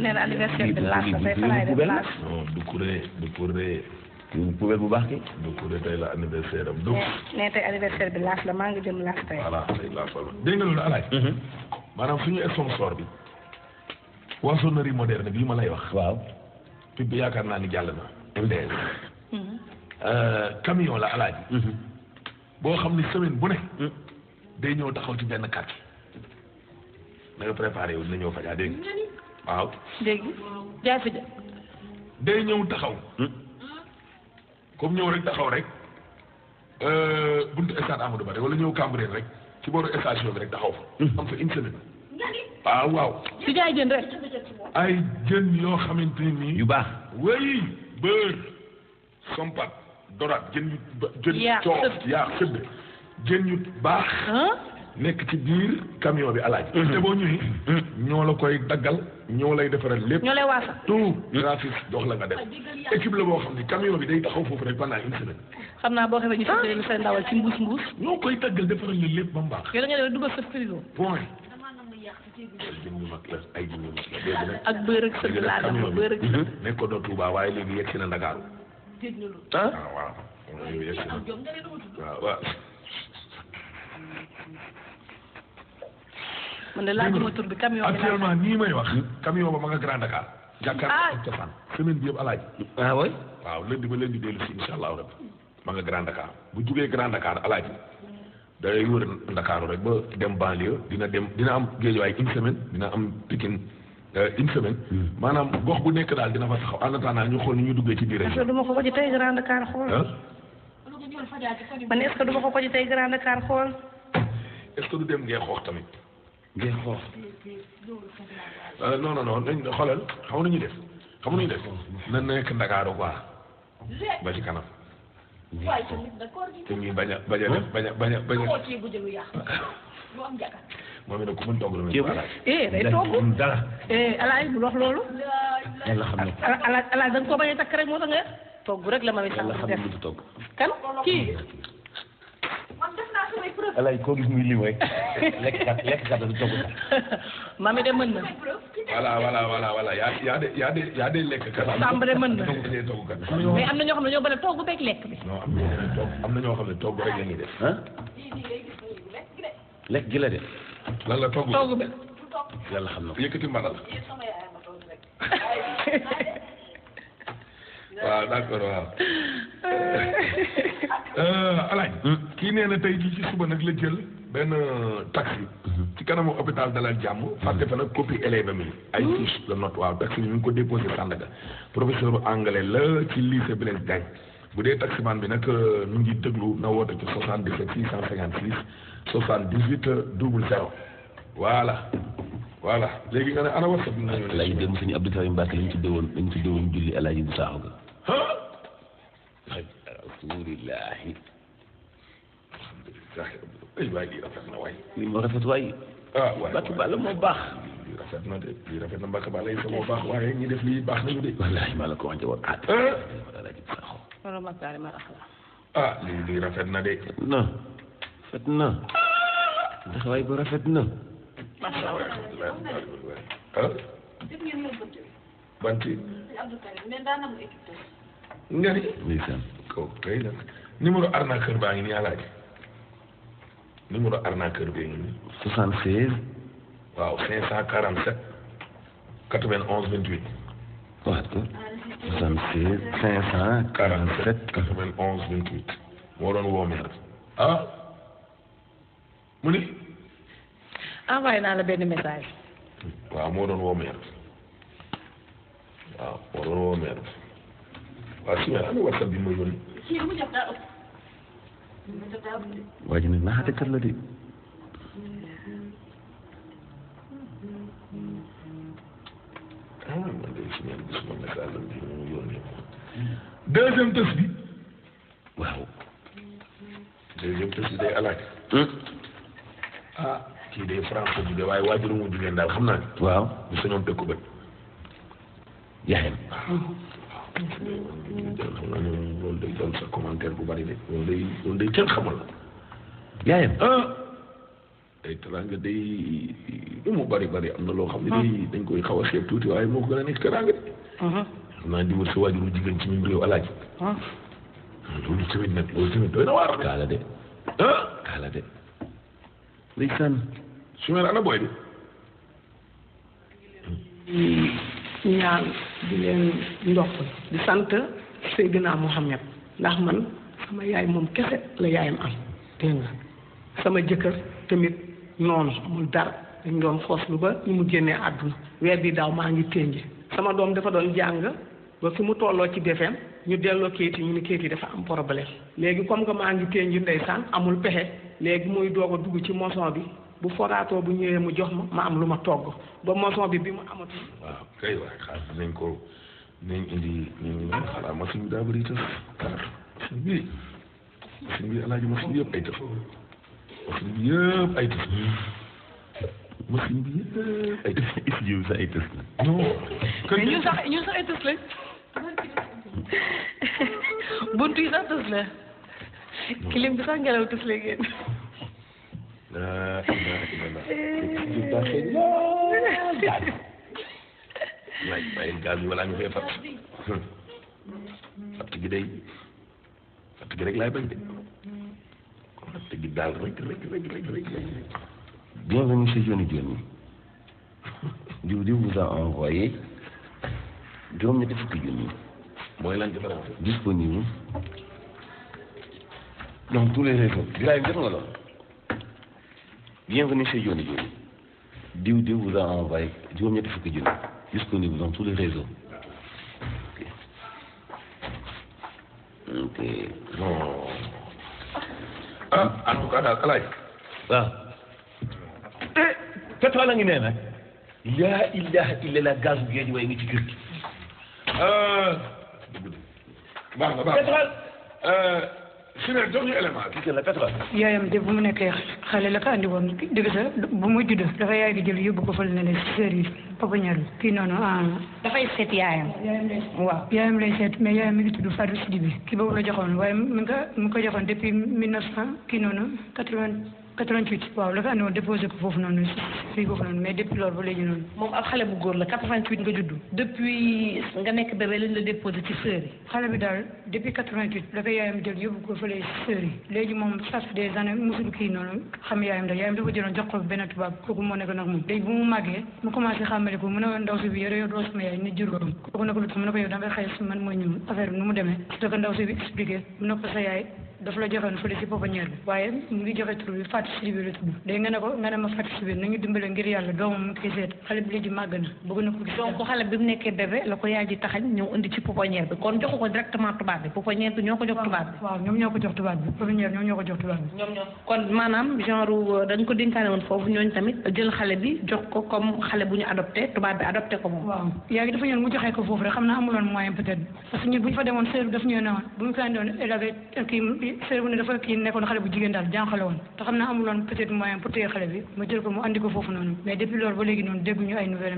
nee na anniversaire bi laas la tey fan laay def laas. non du kuré du kuré. kii poubelle bu baax ki du kuré tey la anniversaire am. du nee tey anniversaire bi laas la maa ngi jëm laas tey. voilà tey laas la dégg nga loolu alaaj. maanaam suñu sponsor bi. poissonnerie moderne bii ma lay wax. waaw. pib bi yaakaar naa ni jàll na. MDS. Euh, camion la alaaj. boo xam ni semaine bu ne. day ñëw taxaw ci benn quartier. na nga préparé wu dina ñëw fajaa dégg nga waaw léegi jaay day ñëw taxaw hmm? comme ñëw rek taxaw rek euh, buntu stade Amadou Ba wala ñëw Cambérène rek ci booru station bi rek taxaw fa hmm. waaw waaw si jaay jën rek ay jën yoo xamante nii yu baax wéy bër sompat doraat jën yu jën coof yaa sëdd jën yu baax nekk ci biir camion bi alaaj mhm. te boo ñëwee mhm. ñoo la koy daggal ñoo lay defaral lépp ñoo lay waasa tout gratis mhm. jox la nga def équipe la boo xam ne camion bi day taxaw foofu rek pendant une semaine xam naa boo xamee ñu lépp ba da nga def dugal sa frigo point ay jën yu mag ak bërëg sëgg laa dama bërëg sëgg nekk doo Touba waaye léegi yegg na Ndakaaru ah? Ah, waaw waaw man de laajuma tur bi camion bi actuellement nii may wax. camion ba ma nga Grand Dakar. jàkkaarloo ah. ak cosaan semaine bi yëpp alaaji. ah oui waaw lundi ba ma nga Grand Dakar bu jugee Grand Dakar alaaji day wër Ndakaaru rek ba dem banlieue dina dem dina am géej géejuwaay une semaine dina am Pikine in euh, semaine. Hmm. maanaam gox bu nekk daal dina fa taxaw en attendant ñu xool ni ñu duggee ci biir région. du ko faj tey Grand Dakar xool. man est-ce que ma ko faj tey Grand Dakar xool. est-ce du dem ngee xoox tamit. ngeen xool euh, non non non nañ xoolal xamu nañu def xamu nañu def na nekk Ndakaaru quoi ba ci kanam. waaye te ñuy bañ a bañ a def bañ a bañ a bañ a. moom itam ku mën togg la muy baal. eh day togg dara. Eh, alaay bul wax loolu. yàlla xam ne alaay alaay da nga koo bañ a takk rek moo tax nga togg rek la ma. yàlla xam ne du togg kan kii. alaay koo gis muy lii mooy lekk kat lekk kat la togg kat. mami de mën na. voilà voilà voilà voilà yaa yaa de yaa de yaa de lekk kat. Samba de mën na togg kat. mais am na ñoo xam ne ñoo bëgg a togg beeg lekk bi. non am na ñoo xam ne togg am na ñoo xam ne togg rek la ñuy def. ah. lekk gi la def. lan la togg togg bi. yàlla xam na ko yëkkati mbala la. waaw d'accord waaw. Euh, alaaj hmm? kii nee na tey jii ci suba nag la jël benn euh, taxi. Hmm. ci kanamu hôpital Dalal Jàmm. Hmm. fàtte fa nag copie élève mi ay fiche la note waaw taxi bi ñu ngi ko déposé Sandaga professeur anglais la ci lycée Blaise Diagne bu dee taximan bi nag euh, mu ngi déglu na woote ci 77 656 78 00 voilà. voilà léegi nga ne ana wasa. lay dem suñu Abdou Karim Mbacke lañ tuddewoon lañ tuddewoon julli El Hadj Boussa alhamdulilahi alhamdulilahi ay waay lii rafet na waay lii moo rafet waay ah waay Mbacke baax lii rafet na de lii rafet na Mbacke Balla yi sa moo baax waaye ñi def lii baax nañu de wallaahi maa la ko wànte ah. ah, rafet na de na rafet na ndax waay bu rafet na banti Abdou Karim mais daan na mu équipe tamit. nga ni. kooku kay nag numéro arnaqueur baa ngi nii alaaj numéro arnaqueur bee ngi nii. 76. waaw 547. 91 28. waaw. 76 547. 91 28. moo doon woo meer ah, mu ni. envoyé naa la benn message. waaw moo doon woo meer. waaw waroon woo meer bi waaw si waa ji nag naxaatekat la de. ah man de si meer gis ma message am bi mu yónni ko. deuxième test bi. waaw. deuxième test bi day alaaj. ah kii day hm? ah, franco bi de waaye waajur mu jigéen daal xam naa. yaayam. xam naa ne loolu day doon sa commentaire bu bari de loolu day loolu day kenn xamal la yaayam ah day teraanga day lu mu bari bari am na loo xam ne day ah. dañ koy xaw a xeeb tuuti waaye moo ko gën a nekk teraanga de. Uh-huh. xam naa di wër sa waajuru jigéen ci mim réew alaaji. Ah. Ah, loolu tamit nag loolu tamit doy na waar. kaala de ah kaala de. ndeysaan su ma ana booy de. Hmm. ñaan di leen ndox di sant Seydina Muhammad ndax man sama yaay moom kese la yaayam am dégg nga sama jëkkër tamit noonu amul dara dañ doon xooslu ba ñu mu génnee àdduna weer bi daaw maa ngi ténje sama doom dafa doon jàng ba fi mu tolloo ci defeem ñu delloo kayit yi ñu ne kayit yi dafa am problème léegi comme que maa ngi ténje ndeysaan amul pexe léegi muy doog a dugg ci moson bi bu foraatoo bu ñëwee mu jox ma ma am lu ma togg ba moson bi bi mu amatul. waaw kay waaye xaar dinañ daa bëri tëf xaar machine bi yëpp ay tëf machine bi yëpp ay tëf machine bi yëpp ay tëf is jiw sa ay tëf la. non. kër ñun ay tëf la. kilim bi sax ngelaw tëf la génn. لا لا لا لا waay bàyyil gaz bi wala ñu koy fatt fatt gi day fatt gi rek laay bañ de fatt gi daal rek rek rek rek rek bienvenue chez Johnny Johnny diw diw vous a envoyé juróom-ñetti fukki junni mooy lan ci français disponible donc tous les réseaux. Birahim def nga loolu bienvenue chez Yoni Yoni diw diw vous a envoyé juróom-ñetti fukki junni disponible tous les réseaux ok ah en tout cas daal alaaj ah. waaw eh pétrole la ngi nee nag laa ilaha la gaz bu géej waaye ngi ci kër gi euh, si ne jox ñu élément bi. gis yaayam de bu mu nekkee xale la ko andi woon dëgg bu muy judd dafa yaay di jël yóbbu ko fële ne la sœur yi papa ñaar kii noonu ah. dafay seet yaayam. waaw yaayam lay seet mais yaayam mi ngi tudd Fatou Sidibé. kii boobu la joxoon waaye mi ngi ko mi joxoon depuis mille neuf cent kii noonu quatre-vingt 88 waaw la ko andi woon déposé ko foofu noonu fii foofu noonu mais depuis loolu ba léegi noonu. moom xale bu góor la 88 nga judd. depuis nga nekk bébé la déposé si sœur léegi moom ça des années mosul kii noonu xam yaayam daal yaayam dafa jox ko benn tubaab kooku moo nekk nag moom. léegi bu mu màggee mu commencé xàmmale ko mu ne ndaw si bi yore yor sama yaay nit jur kooku ne ko mu ne ko yow da man moo ñëw affaire nu mu demee si bi ko sa daf la joxoon fële ci pouponnière bi waaye mu ngi joxe tur bi Fatou Sidibé la tudd léegi nga ne ko nga ne ma Fatou mu ngi seet ñëw indi fa demoon sër daf ñëw ne woon bu ñu fa doon élevé bi dafa kii nekkoon xale bu jigéen daal jànqale woon te xam naa amuloon peut moyen pour téye xale bi mu jël ko mu andi ko foofu noonu mais depuis ba léegi noonu dégguñu ay nouvelle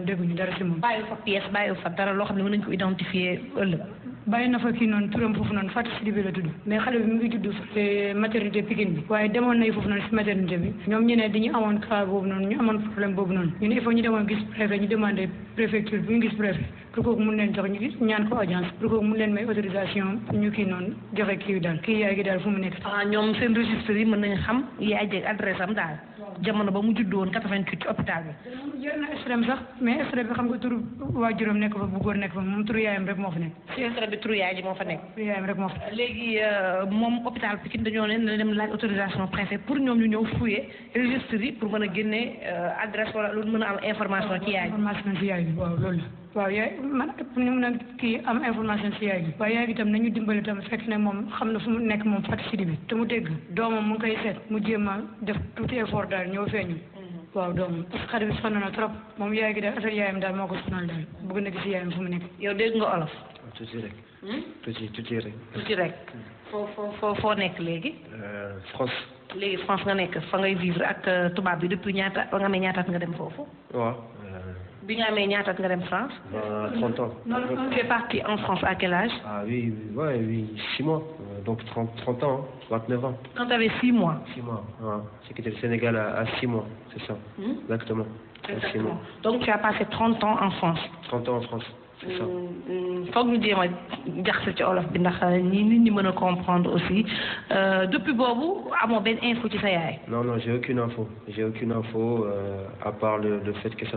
am kii noonu turam foofu noonu Fatou Sidibé la tudd mais xale bi mu ngi judd maternité bi waaye demoon foofu noonu si maternité bi ñoom ñu ne dañu amoon cas boobu noonu ñu amoon problème boobu noonu ñu ne il ñu demoon gis préfet ñu gis préfet pour kooku mun leen jox ñu gis ñaan ko audience pour kooku mun leen may autorisation ñu kii noonu joxe kii daal kii yaay gi daal fu mu nekk. ah ñoom seen registre yi mën nañu xam yaay jeeg adresse am daal. jamono ba mu judd woon na extrême sax mais extrême nga turu nekk fa bu góor nekk fa moom turu yaayam rek moo fa nekk. si extrême bi turu yaay ji moo fa nekk. léegi euh, moom hôpital Pikine dañoo leen na dem autorisation préfet pour ñoom ñu ñëw fouiller registre yi pour mën a génne euh, adresse wala lu mën a am information. ci yaay information ci waaw yaay man ni mu nag kii am information si yaay gi waaye yaay gi tam nañu dimbali tam fekk ne moom xam na fu mu nekk moom Fatou Sidi bi te mu dégg doomam mu ngi koy seet mu jéem def tuuti effort daal ñëw feeñu mm-hmm. waaw doomam parce que xale bi sonn trop moom yaay gi daal affaire yaayam daal moo ko sonal daal bëgg na gis yaayam fu mu nekk yow dégg nga olof hmm? tuuti rek tuuti rek foo foo foo foo nekk léegi euh, France léegi France nga nekk fa ngay vivre ak euh, tubaab bi depuis ñaata ba nga ñaataat nga dem foofu bi nga amee ñaata nga dem euh, en France à quel âge. ah oui oui oui 6 mois. Euh, donc 30 30 ans 29 ans. quand tu avais 6 mois. 6 mois waaw j'ai quitté le Sénégal à 6 mois c'est ça. Hmm? exactement. exactement tu as passé 30 ans en France. 30 ans en France. Mm, mm. foog ñu jéem ci olof bi ndax ñi euh, nit ñi mën a comprendre aussi euh, depuis boobu amoo benn info sa yaay. non non j'ai aucune info j'ai aucune info euh, à part le, le fait qu'elle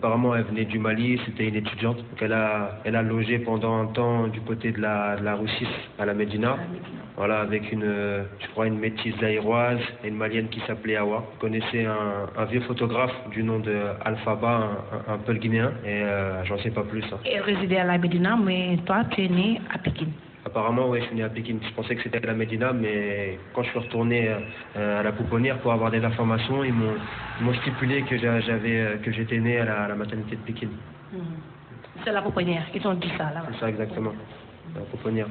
Apparemment, elle venait du Mali, c'était une étudiante. Donc elle, a, elle a logé pendant un temps du côté de la, de la Russie, à la Médina. Voilà, avec une, je crois, une métisse zaïroise et une malienne qui s'appelait Awa. Je connaissais un, un, vieux photographe du nom de Alphaba, un, un, peu le guinéen, et euh, j'en sais pas plus. Hein. Elle résidait à la Médina, mais toi, tu es né à Pékin. Apparemment, oui, je suis né à Je pensais que c'était la Médina, mais quand je suis retourné euh, à la Pouponnière pour avoir des informations, ils m'ont stipulé que j'avais euh, que j'étais né à la, maternité de Pékin. Mm-hmm. C'est la Pouponnière, ils ont dit ça là. exactement. La Pouponnière.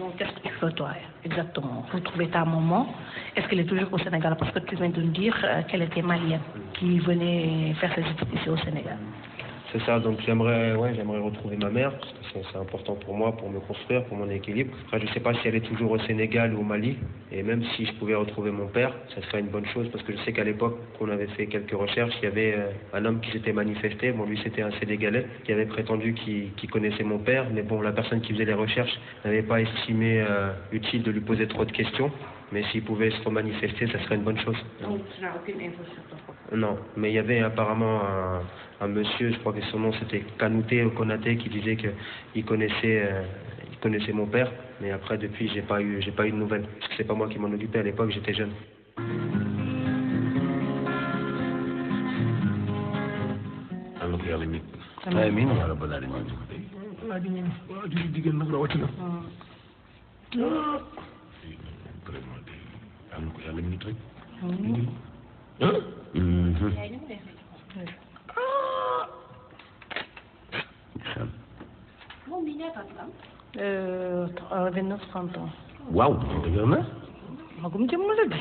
Mm-hmm. exactement Est-ce qu'elle est toujours au Sénégal Parce que tu viens de me dire euh, qu'elle était malienne, qui venait faire ses études ici au Sénégal. C'est ça, donc j'aimerais ouais, j'aimerais retrouver ma mère, parce que c'est important pour moi, pour me construire, pour mon équilibre. je sais pas si elle est toujours au Sénégal ou au Mali, et même si je pouvais retrouver mon père, ça que je sais qu'à l'époque, qu'on avait fait quelques recherches, il y avait euh, un homme qui s'était manifesté, bon lui c'était un Sénégalais, qui avait prétendu qu'il connaissait mon père, mais la personne qui faisait les recherches n'avait pas estimé euh, un monsieur, je crois que son nom c'était Kanouté Konaté, qui disait qu'il connaissait, euh, il connaissait mon père. Mais après, depuis, j'ai pas eu, j'ai pas eu de nouvelles. Parce que c'est pas moi qui m'en occupais à l'époque, j'étais jeune. ñaata waaw dëgg na. magum jëmm la de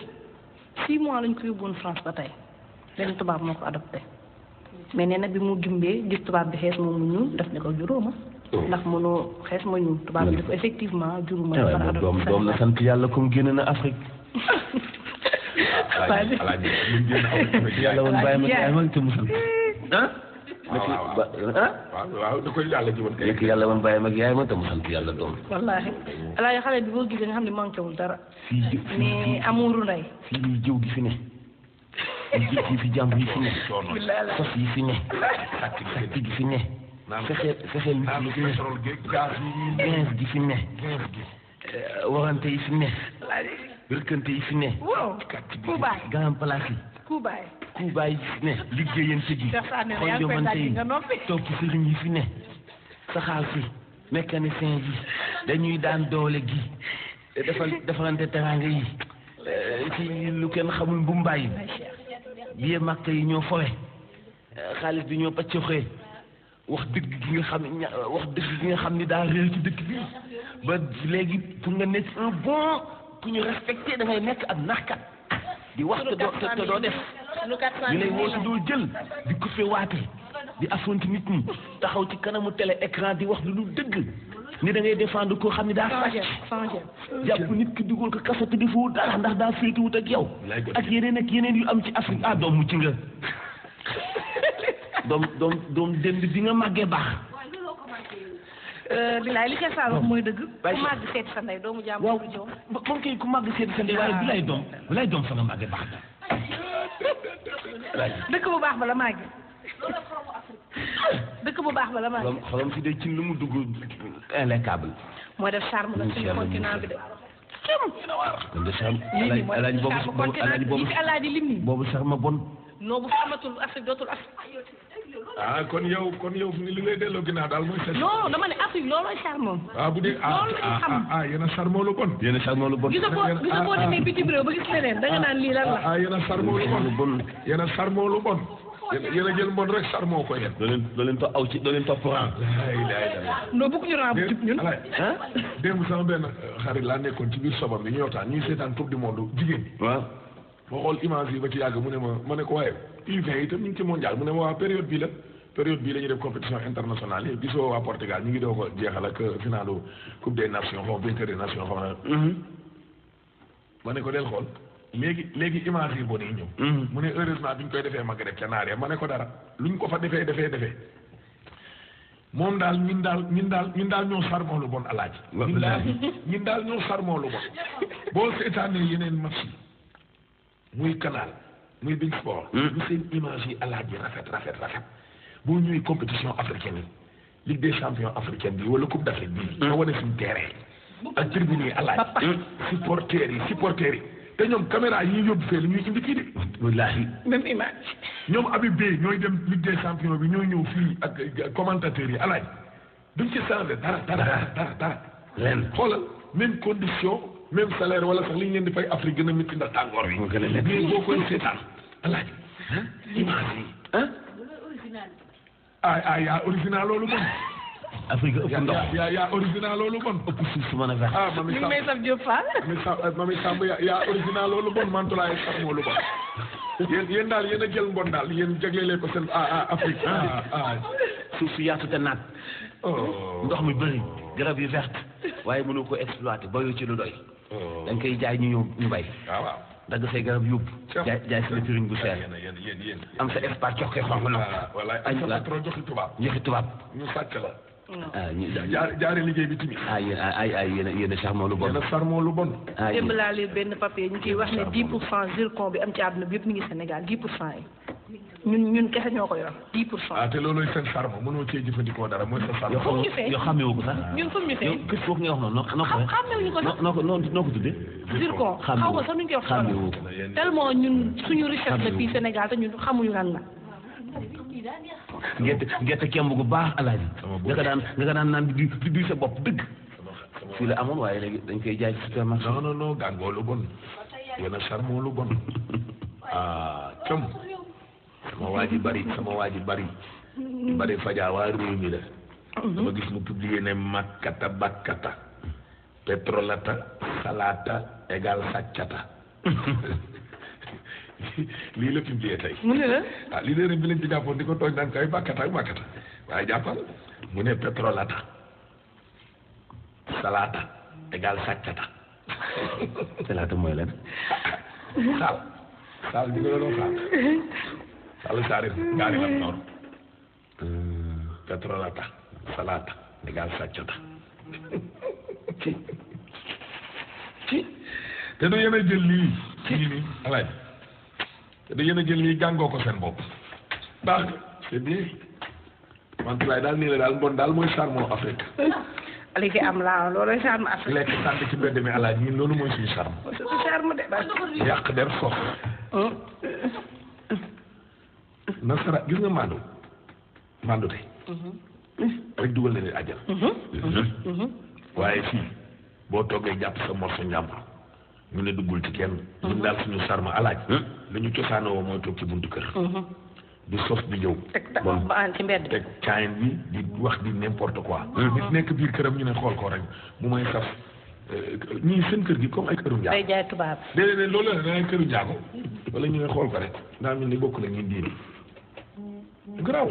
six mois lañ ko yóbbuwoon France ba tey benn tubaab moo ko adopté mais nee na bi mu jumbee gis tubaab bi xees moom mu ñuul daf ne ko juróoma. ndax mënoo xees ma ñuul tubaab bi dafa effectivement juróoma. dafa adopté doom doom na sant yàlla comme génn na Afrique. alaaji alaaji Ah? waaw da koy yàlla jiwoon kay. nekk yàlla woon bàyyi mag yaay ma tam sant yàlla doom. wallaahi alaaji xale bi boo gisee nga xam ne manqué wul fii ji fii amuru fii fii fi yi fi ne. fas yi fi ne. sàkk eh, warante yi fi ne. birkante yi fi ne. waaw bu Kubaay. Kubaay ne liggéeyante gi. xool jomante yi topp sëriñ yi fi ne. saxaar nekk si mécanicien yi dañuy daan doole gi defal defalante teranga yi eh, ci lu kenn xamul bu mbaay bi màkk yi ñoo fowe eh, xaalis bi ñoo paccoxee wax dëgg gi nga xam wax dëgg gi nga xam ni daa réer ci dëkk bi ba léegi pour nga nekk un bon ku di wax te doo te doo def ñu lay woo si doo jël di couper waate di affronter nit ñi taxaw ci kanamu tele écran di wax lu dul dëgg ni da ngay défendre koo xam ne daa sàcc jàpp nit ki dugal ko kaso te defoo dara ndax daa féetewut ak yow ak yeneen ak yeneen yu am ci Afrique ah doom mu ci doom doom doom dënd di nga màggee baax Euh, bilaay li Cheikh Sall wax mooy dëgg. ku màgg seeti sa ndey doomu jàmm. waaw moom kay ku màgg seeti sa ndey waaye bilaay doom bilaay doom sama dëkk bu baax ba la màgg. dëkk bu baax ba la màgg. xolam lu mu dugg impeccable. moo bi de. kon de charme. alaaji boobu alaaji boobu alaaji lim nii boobu sax ma bon. non bu fi amatul dootul Afrique. ah kon yow kon yow li ngay delloo ginnaaw daal mooy. non dama ne loolooy charme. ah bu dee ah ah, ah, ah a charme lu bon. yéen a charme lu bon. gis nga boo ah, naan lii lan la. ah yéen a charme lu bon yéen a charme lu bon. yéen a jël mbon rek sar moo ko yéen. doo leen doo leen toog aw ci doo leen toog rang. non bëgg ñu rang bu jub ñun. démb sama benn xarit laa nekkoon di biir bi ñuy waxtaan ñuy seetaan tour du monde jigéen ñi. waaw. ma xool yi ba ci yàgg mu ne ma ma ko waaye. U20 itam ñu ngi ci mondial mu ne ma waa période bii la période bii la ñuy def compétition internationale yi gisoo waa Portugal ñu ngi doo ko jeexal ak euh, finalu coupe des nations xaw mm-hmm. ko del xool léegi léegi image yi bon yi mm-hmm. mu ne heureusement bi ñu koy defee Maghreb ca naar ya ma ne ko dara lu luñ ko fa defee defee defee. moom daal ñun daal ñun daal ñun daal ñoo sarmoo lu bon alaaji. ñun daal ñun daal ñoo sarmoo lu bon. boo seetaanee yeneen match yi muy canal. muy big sport. Hmm. lu seen image yi alaaj yi rafet rafet rafet. boo ñuy compétition africaine yi. ligue des africaine bi wala coupe d'Afrique bi. Hmm. nga wane suñu terrain. ak tribune yi alaaj. Hmm. yi supporters yi. te ñoom caméra yi ñuy yóbbu fee la ñuy indi de. wallaahi même image. ñoom Habib Beye ñooy dem ligue des bi ñooy ñëw fii ak commentateurs yi alaaj duñ ci changé dara dara dara dara. ren xoolal même condition même salaire wala sax li ñu a métti ndax alaaji image yi ah ah ah yaa original loolu bon Afrique ëpp ndox yaa yaa original loolu bon ëpp suuf su mën a ah eh, mami Samb yaa original bon mantulaay sax moo lu bon yéen daal yéen a jël mbon daal yéen jaglelee ko seen ah ah, ah, ah ah suuf su yaatu naat oh. ndox mi bëri garab yu verte waaye mënu ko exploité bayoo ci lu doy oh. da nga koy jaay ñu ñu bay dagg say garab yóbbu. jaay jaay sa purine bu seer. am sa espace jox ko xonq na. voilà joxi tubaab joxi tubaab. ñu sàcc Ah, ah ñu jaare jaare liggéey bi tamit. ah yéen ay ah, ay ah, a yéen a sarmoo lu bon. yéen a sarmoo lu bon. ah yéen démb laa leen benn papier ñu ciy wax ne 10 pour cent zircon bi am ci àdduna bi yëpp mi ngi Sénégal 10 pour cent yi. ñun ñun kese ñoo ko yor pour cent. ah te loolooy seen ñu fee yoo ko sax. ñun fu mu ñu fee yow kër foofu nga wax noonu. xam xamee wuñu ko sax noo ko noo ko tuddee. zircon xaw ma sax nuñ koy wax. xamee wu ñun suñu richesse la fii Sénégal te ñun xamuñu lan la gerte gerte kemb gu baax alaaji nga ka daan nga ka daan naan di di sa bopp dëgg amoon waaye le dañ koy jaay ci supermarché non non non gàngoo lu bon yéen a sarmoo lu bon ah cëm sama waa ji bari sama ji bari bari fajaa waa réew mi la dama gis mu publier ne makkata bakkata pétrolata salata égal saccata lii la publié tey. mu ne la ah leader bi lañ ci jàppoon di ko tooñ daan koy bàkkata ak bàkkata waaye jàppal mu ne pétrolata salata égal sàccata. salata mooy lan. saal saal bi nga doon saal saal saarif gaari la noor euh. pétrolata salata égal sàccata. ci te du yéen a jël lii. ci lii alaaj te da yéen a jël lii jàngoo ko seen bopp baax na c'est bien daal nii la daal mbon daal mooy charme Afrique li am laaw loolu charme Afrique lekk tànn ci charme de yàq der sof nasara gis nga maandu maandu te rek dugal na ne ajal mhm. Mhm. Mhm. waaye fii boo toggee jàpp sa morso njàmbur ñu ne duggul ci kenn mhm. ñun daal suñu sarma alaaj mhm. la ñu cosaanoo mooy toog ci buntu kër mhm. di sos di jëw teg caayin bi di wax di n'importe quoi nit nekk biir këram ñu ne xool ko rek mu may saf euh, ñii seen kër gi comme ay këru njaago day jaay loolu la ay këru njaago wala ñu ne xool ko rek daa mel ni bokk la ñu diini garaaw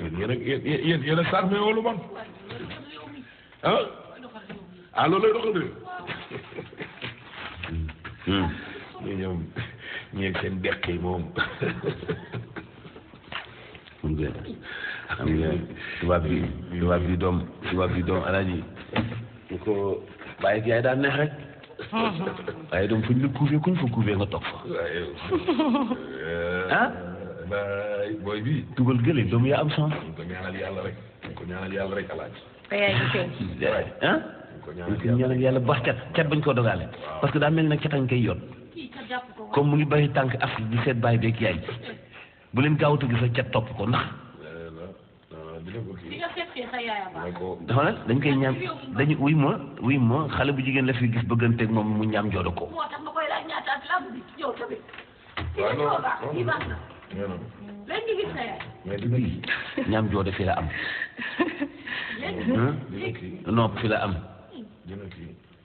yéen a yéen yéen bon ah? ah loolu lay doxal réew Hmm. ñu ñoom ñeeg seen deq yi moom. xam nga tubaab bi tubaab bi doom tubaab bi doom alaaji ñu ko bàyyi yaay daan neex rek. waaye doom fu ñu la kuufee ku ñu fa kuufee nga toog fa. ah. booy bi. tugal gële doom yaa am sens. ko ñaanal yàlla rek ko ñaanal yàlla rek alaaji. ah. ñaanal yàlla bu baax cat cat bañ koo dogaale parce que daa mel nag catan koy yoon comme mu ngi bàyyi tànk Afrique bu seet bàyyi beeg yaay bu leen gaawatu gi sax cat topp ko ndax dafa nag dañ koy ñaam dañu wuy ma wuy ma xale bu jigéen la fi gis bëgganteeg moom mu ñaam joodo ko ñaam joodo fi la am hmm? nopp fi la am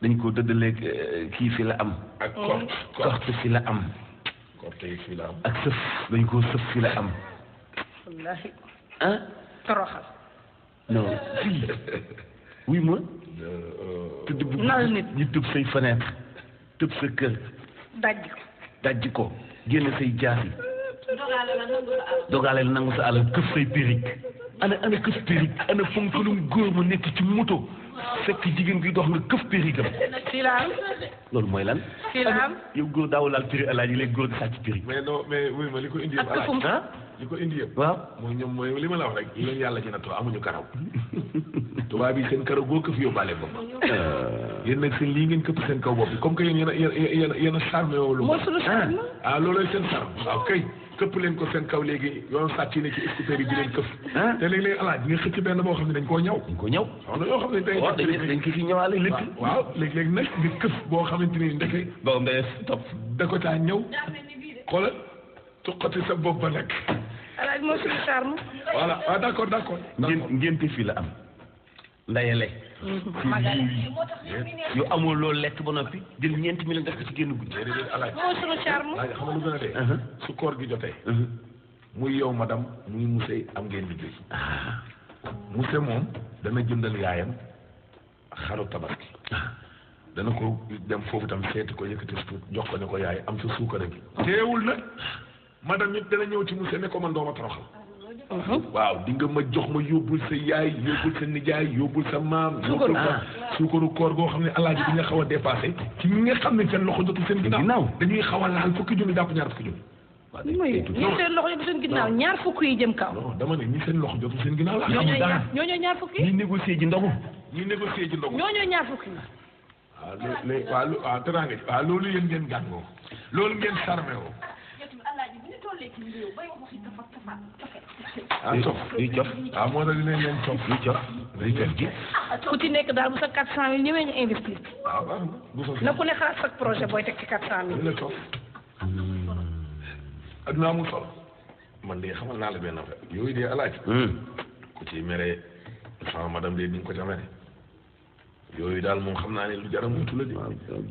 dañ ko dëddale eh, kii fi la am. ak korte mm-hmm. fi la am. korte am. ak sëf dañ koo sëf fi la am. wallaahi. ah. toroxal. non fii wuy ma. tëdd nal nit ñu tëb say fenêtre tëb sa kër. dajj ko. dajj ko génn say jaasi. dogaale nangu sa alal këf say périk ana ana këf périk ana fonkalum góor ma nekk ci moto. fekk jigéen guy dox nga këf périgam. silaam. loolu mooy lan. silaam yow góor daawul laal péri alaaji léegi góor gi sàcc péri. mais non mais wuy ma li ko indi yëpp. Ah, li ko indi yëpp. waaw mooy li ma la wax rek. li leen yàlla ci nattoo amuñu karaw. tubaab yi seen karaw goo këf yóbbaale bopp. Euh. yéen nag seen lii ngeen këpp seen kaw bopp comme que yéen yéen a yéen a yéen a charme ah, ah, loolu. moo sunu seen charme waaw kay. këpp leen ko seen kaw léegi yoon sàcc yi ne ci scooters yi di leen këf ah. te léegi-léegi alaaj di xëcc benn boo xam ne dañ koo ñëw dañ koo ñëw am na yoo xam ne oh, waaw léegi-léegi nag di këf boo xamante ni ndeke borom day topp da ko caa ñëw xoolal tuqati sa bopp ba nekk alaaj moo suñu charme voilà waaw ah, d' accord d' accord ngénte fii la am layale yu amul loolu lekk ba noppi jël ñeenti million def ko ci génn guddi alaaj xam a dee uh-huh. su koor gi jotee uh-huh. muy yow madame muy monsieur am ngeen liggéey ah. monsieur moom dana jëndal yaayam xaru tabaski ah. dana ko dem foofu tam seeti ko yëkkati suuf jox ko ne ko yaay am sa suukara bi teewul nag madame nit dana ñëw ci monsieur ne ko man dooma toroxal Mm-hmm. waaw di ma jox ma yóbbul sa yaay yóbbul sa nijaay yóbbul sa maam. yóbbul suukaru koor goo xam ne alaaji bi nga xaw a ci ñi nga xam ne seen loxo jot seen ginnaaw dañuy xaw a laal fukki junni jàpp ñaar fukki junni. waaw ñi seen loxo jotul seen ginnaaw ñaar fukk yi jëm kaw. non dama ne ñi seen loxo jotul seen ginnaaw. la xamul dara ñooñoo ñaar fukk yi ñi négocier ji ndogu. ñi négocier ji ndogu ñooñoo ñaar fukk yi. Ah, waaw léegi waaw waaw teraanga ah, loolu yéen ngeen gàngoo loolu ngeen sarme ah cof luy cof. ah moo tax dinañ leen cof luy cof. luy cof gi. ku ci nekk daal bu sa 400000 ñëwee ñu investir. waaw ah, waaw na ku ne xalaat sa projet booy teg ci 400000. dina cof. Hmm. ak mu solo. man de xamal naa la benn affaire. yooyu de alaaj. Hmm. ku ci mere sama madame de ni ko ca mere. yooyu daal moom xam naa ne lu jaram wutu la de.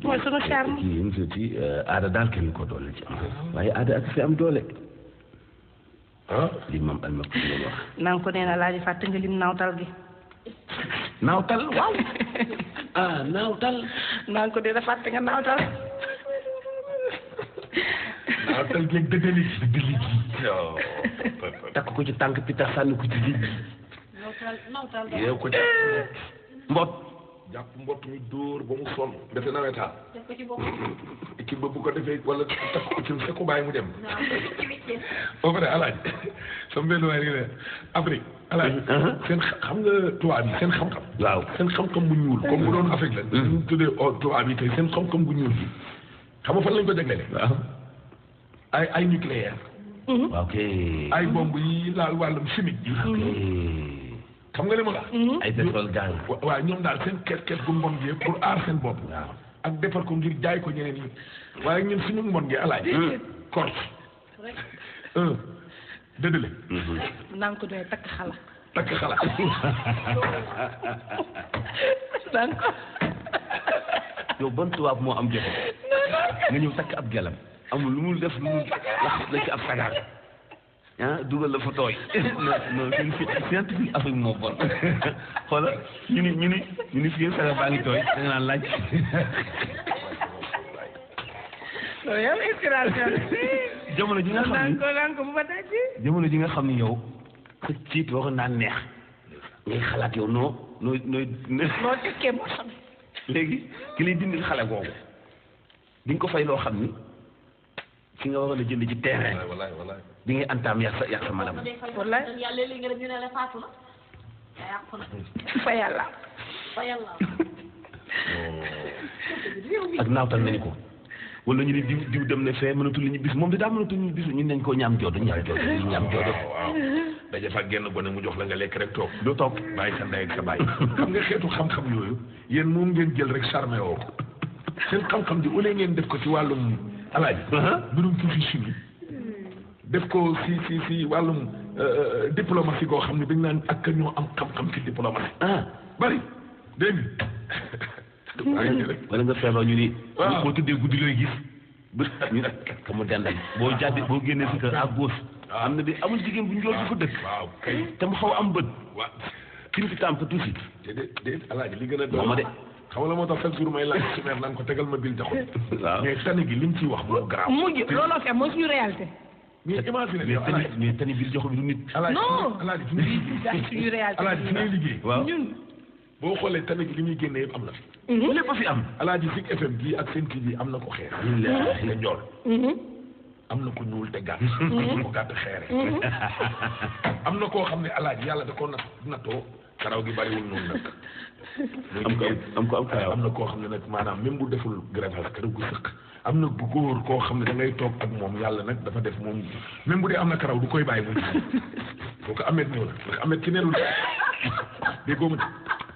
mooy sama charme. kii mu tuddati eh, aada daal kenn ko doole ci am. Ah. waaye aada ak fi am doole. ah li maam almaktum loolu wax. naa ko laaj fàtte nga lim naawtal gi. naawtal waaw. ah ko nee nga naawtal. naawtal oh. takk ko ci tànk bi tax sànni ko ci géej mbot. jàpp mbott mi dóor ba mu sonn defe nawetaan def ko ci bopp équipe ba bu ko defee wala takk ko ci fekku bàyyi sama benn waay rek après alaaj seen xam nga tubaab yi seen xam-xam bu ñuul comme bu doon Afrique la mm-hmm. ñu tuddee tubaab yi tey seen xam-xam bu ñuul bi xam fan lañ ko jagleel waaw ay ay nucléaire mm-hmm. ay bomb yi laal wàllum chimique bi xam nga li ma la. Mhm. ay pétrole gang. waaw ñoom daal seen ket ket gu mbon gi pour aar bopp. ak defar ko ngir jaay ko ñeneen ñi waaye ñun suñu mbon gi alaaji. kort un dëddale. naa ko doon takk xala. takk xala. naa yow ban tubaab moo am jote. nga ñëw takk ab gelam amul lu mu def lu mu laxas la ci ab sagaar. Ah, dugal la fa tooy non non scientifique Afrique moo bon xoola ñu ni ñu ni ñu ni fii sax baa ngi tooy da naa laaj. Oh, jamono ji nga xam ni ko ji nga xam ni yow ku ciit waxoon naa neex ngay xalaat yow noo noo nooy. noo tekkee moo xam. léegi ki dindil xale boobu di nga ko fay loo xam ni ki nga waroon a jënd ci terrain. di ngay antaam yàq sa yàq sa maanaam. wallaay fa yàlla. Oh. ak naawtal nañu ko. wala ñu ne diw diw dem ne fee mënatul li ñu bis moom de daa mënatul ñu bis ñun nañ koo ñaam joodo ñaam joodo ñaam joodo waaw daje fa génn gone mu jox la nga lekk rek toog doo toog bàyyi sa ndey ak sa bàyyi xam nga xeetu xam-xam yooyu yéen moom ngeen jël rek charmé woo ko seen xam-xam di au lieu ngeen def ko ci wàllum alaaji uh-huh. mbirum tuuti chimie def ko si si si wàllum euh, euh, diplomatie koo xam ne dañ naan ak ñoo am xam-xam ci diplomatie. ah bari dégg wala nga feebar ñu ni. waaw boo tuddee guddi looy gis. bët ñu ka mu dendal boo jàddee boo génnee am na bi amul jigéen bu njool di te mu xaw am bët. waaw fi fi tàmp tuuti. déedéet déedéet alaaji gën a doon de. xam nga moo tax chaque jour may laaj su meer ko tegal ma bil jaxul. waaw mais tani gi wax. mu mujj looloo kay mooy suñu réalité. mais imaginer mais tani mais tani biir jox bi du nit. non alaaji fi muy alaaji fi liggéey. waaw boo xoolee tani li muy génnee yëpp am na fi. Mhm. lépp a fi am. Mhm. alaaji Zik FM bii ak Sen TV am na ko xeer. te mhm. am na ko ñuul te am na koo xam ne alaaji yàlla da koo nattoo karaw gi bariwul noonu nag. am ko am ko am am na koo xam ne nag maanaam même bu deful greffal ak da ko sëq am na bu góor koo xam ne da ngay toog ak moom yàlla nag dafa def moom même bu dee am na karaw du koy bàyyi mu boo ko amet ñëw la parce que amet ki neelul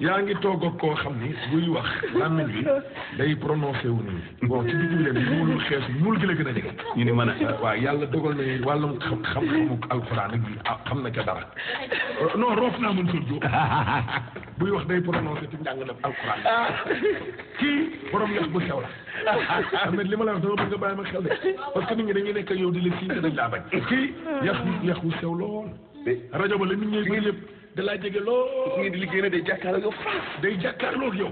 yaa ngi toog koo xam ni buy wax làmmiñ bi day prononcé wu nii bon ci biir leen ñuulul xees ñuul a jege mën a yàlla dogal na wàllum xam xam-xamu alxuraan ak ah, xam na ca dara non roof naa mën sor jóg buy wax day prononcé ci njàngalam kii borom yax bu sew la Ahmed li ma la wax dama nga bàyyi ma xel de parce que nit ñi dañuy nekk yow di la sii te dañ laa bañ kii yax bu sew lool rajo ba la nit ñi bëgg yëpp da laa jege lool ngeen liggéey ne day jàkkaarloo yow yow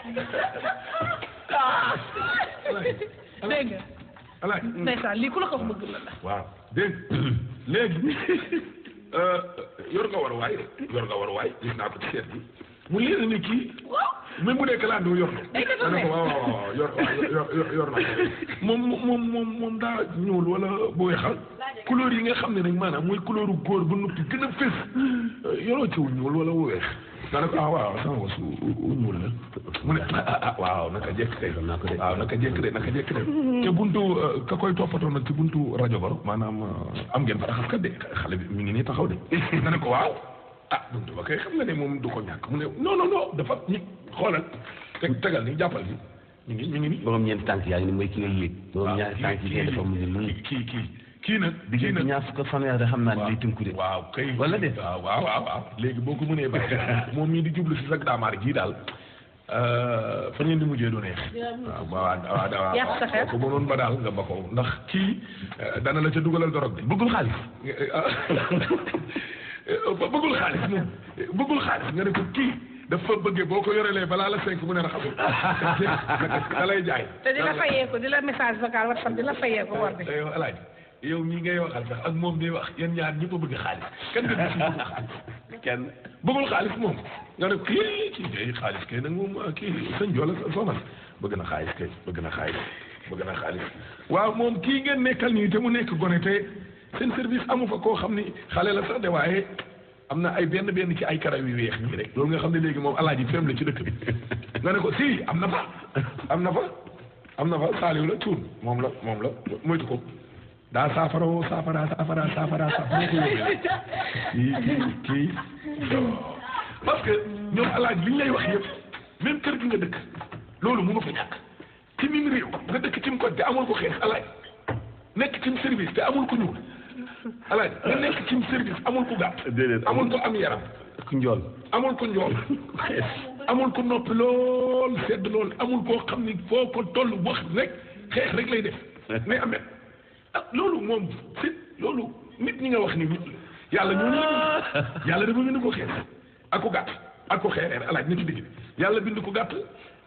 alaaji mm. ndeysaan lii ku la ko waaw dégg léegi euh, yor nga war waay yor nga war waay gis naa mu leer ni kii même bu nekk laa doo yor na waaw waaw waaw yor yor yor daa ñuul wala bu weexal couleur yi nga xam ne nag maanaam mooy couleuru góor ba noppi gën a fés hmm. euh, yoroo ciw ñuul wala bu weex dana ko ah waaw sama wasu umur la mu ne ah, ah, ah waaw naka jekk tey waaw naka jekk de naka jekk de te buntu euh, ka koy toppatoo nag ci buntu rajo ba maanaam euh, am ngeen fa taxas kat de xale bi mi ngi nii taxaw de dana ko waaw a ah, buntu ba kay xam nga ne moom du ko ñàkk mu ne non non non dafa ñu xoolal teg tegal ni jàppal ni ñu ngi ñu ngi nii borom tànk yaa ki mu ngi nii kii kii kii nag kii nag ñaar fukk fanweer xam naa ne day tënku de. waaw kay wala de waaw waaw waaw léegi boo ko mënee bàyyi moom mii di jublu si sax daamaar jii daal euh, fa ngeen di mujjee du neex. waaw waaw waaw ba daal nga ndax kii euh, dana la ca dugalal dorog de bëggul xaalis. bëggul xaalis moom nga ne ko kii dafa bëggee boo ko yorelee balaa la cinq mu ne raxasul da lay jaay. te di la fayee ko di la message vocal whatsapp di la fayee ko war eh, de. yow ñii ngay waxal sax ak moom day wax yéen ñaar ñëpp a bëgg xaalis kan nga gis bëggul xaalis kenn bëggul xaalis moom nga ne kii kii day moom ah, kii sëñ Joola Soman bëgg na xaalis bëgg na xaalis bëgg na xaalis waaw moom kii ngeen nekkal nii mu nekk gone te seen service amu fa koo xam ni xale la sax waaye am na ay benn benn ci ay karaw yu weex nii rek nga xam ne léegi moom alaaji fem la ci dëkk bi nga ne ko am na fa am na fa am na fa saaliw la tuun moom la moom la moytu ko daa saafara woo saafara saafara saafara saafara kii kii parce que ñoom alaaj li lay wax yëpp même kër gi nga dëkk loolu mënu fa ñàkk ci mim réew nga dëkk ci ko te amul ko xeex alaaj nekk ci mu service te amul ko ñuul alaaj nga nekk ci service amul ko gàtt amul ko am yaram ku njool amul ko njool amul ko noppi lool sedd lool amul koo xam ni foo ko toll wax rek xeex rek lay def mais amet Ah, loolu moom fit loolu nit ñi nga wax ni nit yàlla ñooñu la ah. yàlla dafa bind ko xeer ak ko gàtt ak ko xeereer alaaj na ci digg yàlla bind ko gàtt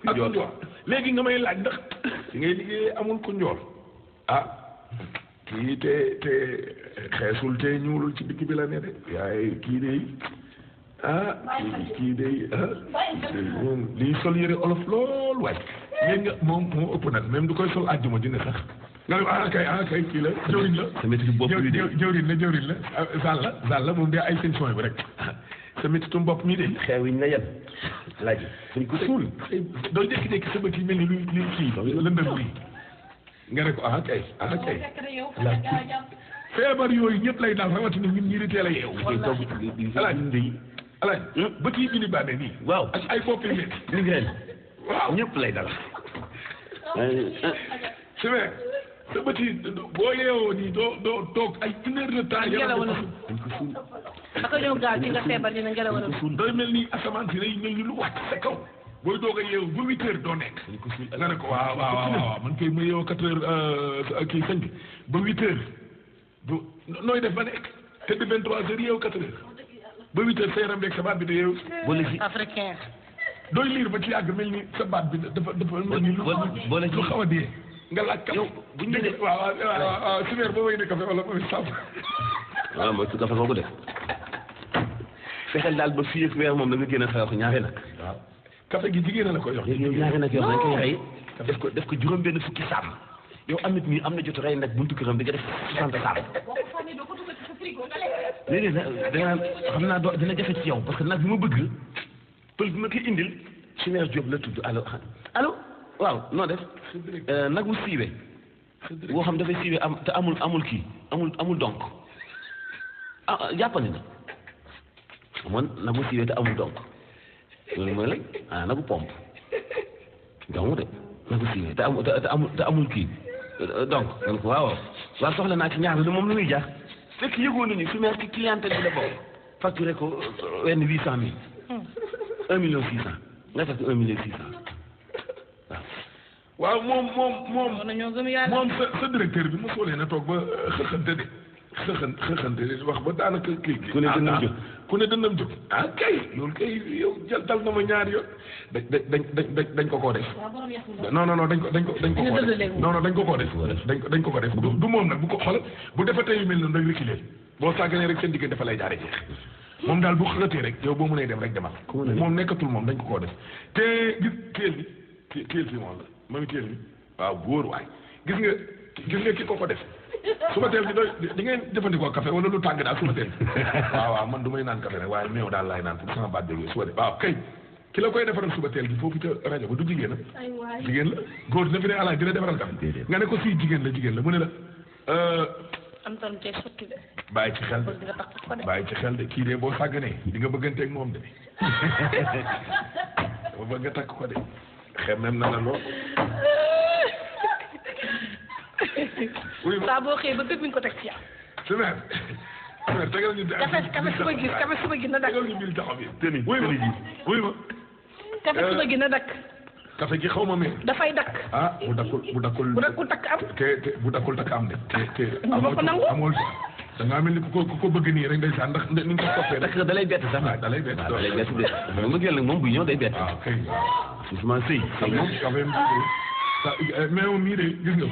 ak ko njool léegi nga may laaj ndax si ngay liggéeyee amul ko njool ah kii ci digg bi la ne de waaye kii de ah kii kii de ah lii sol yére olof lool waaye léegi nga moom moo ëpp nag même du koy sol àjjuma dina sax nga ne ah kay ah kay kii la jëwriñ la. sa métti bopp la jëwriñ la ah, Zalla Zalla moom de ay seen soin bi rek sa métti bopp mi de. xew yi ñu la yan ko suul doo jékki-jékki sa bët yi mel ni luy luy kii lëndëm nga ne ko ah kay ah kay. feebar yooyu ñëpp lay daal rawatina ñun ñii di teel a yeewu. alaaj alaaj hmm? bët yi bini baane nii. waaw ak ay bopp yu eh, eh. métti. sa bët yi boo yeewoo nii doo doo toog ay une heure de temps. ngelaw la ak ñëw gaal ci nga feebar ñu ne ngelaw la. day mel ni asamaan si day mel ni lu wàcc sa kaw. booy doog a yeewu ba huit heures doo nekk. ne ko waaw waaw waaw man kay ma yeewoo quatre heures euh, kii sëñ bi ba huit heures. du nooy def ba nekk te di vingt trois yeewu quatre ba huit heures sa yaram beeg sa baat bi da yeewu. boole si africain. dooy liir ba ci yàgg mel ni sa baat bi dafa dafa mel ni lu xaw a dee. nga laaj kafe yow bu ñu waaw waaw waaw boo may indi kafe wala mooy su kafe boobu de fexeel daal ba fii weer moom da nga génne xew ñaari nag. la koy jox. yow ñaari nag yow rey def ko def ko juróom-benn fukki saam yow amit nii am na jot rey nag buntu këram di nga def soixante saam. léegi nag xam naa do dina jafe ci yow parce que nag bi ma bëgg pël bi ma koy indil sumeer Diop la tudd allo allo. waaw noo def euh, nag wu siiwee boo xam dafay siiwee am te amul amul kii amul amul donc ah, ah jàppandi na moom te amul donc loolu mooy la ah nagu pompe donc de nagu siiwee te amul te amul te kii euh, donc man ko waaw waaw soxla naa ci ñaar lu moom lu muy fekk yëgoon nañu su mees ci clientèle bi la bokk facturé ko euh, wenn huit cent mille hmm. un million six cent nga fekk un million six cent waaw moom moom moom moom sa sa directeur bi mosoo leen na toog ba xëxante de xëxan xëxante de wax ba daanaka kii kii. ku ne ah, dëndam ah, ne dëndam jóg ah kay loolu kay yow jël dal na ma ñaari yoon dañ dañ dañ dañ ko koo def. non non non dañ ko dañ ko dañ ko koo def non non dañ ko koo def. dañ ko dañ ko koo def du moom nag bu ko xool bu defatee yu mel noonu rek reculer boo sàgganee rek seen diggante dafa lay jaaree jeex. moom daal bu xëlatee rek yow boo mënee dem rek demal. moom nekkatul moom dañ ko koo def te gis kéel bi kéel bi moom la. mamiteel bi waaw góor waay gis nga gis nga ki ko ko def suba teel bi di ngeen jëfandikoo café wala lu tàng daal suba teel waaw waaw man du may naan café rek waaye meew daal laay naan pour sama baat déggee suba de waaw kay ki la koy defaral suba teel gi foofu ca rajo ba du jigéen la jigéen la góor dina fi ne alaaj dina defaral café nga ne ko si jigéen la jigéen la mu ne la euh, Antoine tey sotti de. bàyyi ci xel de kii de boo sàgganee di nga bëgganteeg moom de ba bëgg a takk ko xemem na la lool. saa boo xëyee ba bépp mi ko teg ci yow. su ma kafe kafe su ma gis kafe bi teni teni ji wuy kafe dakk. kafe gi xaw ma mi dafay dakk. ah bu dakkul bu bu dakkul takk am. te te bu dakkul am de. te te amoo amoo. da mel ni ku ko bëgg nii rek ndeysaan ndax ni nga ko toppee rek da lay bett sax da lay bett de mu gel nag moom bu ñëw day bett waaw kay Ousmane Seye euh, mais woon nii de gis nga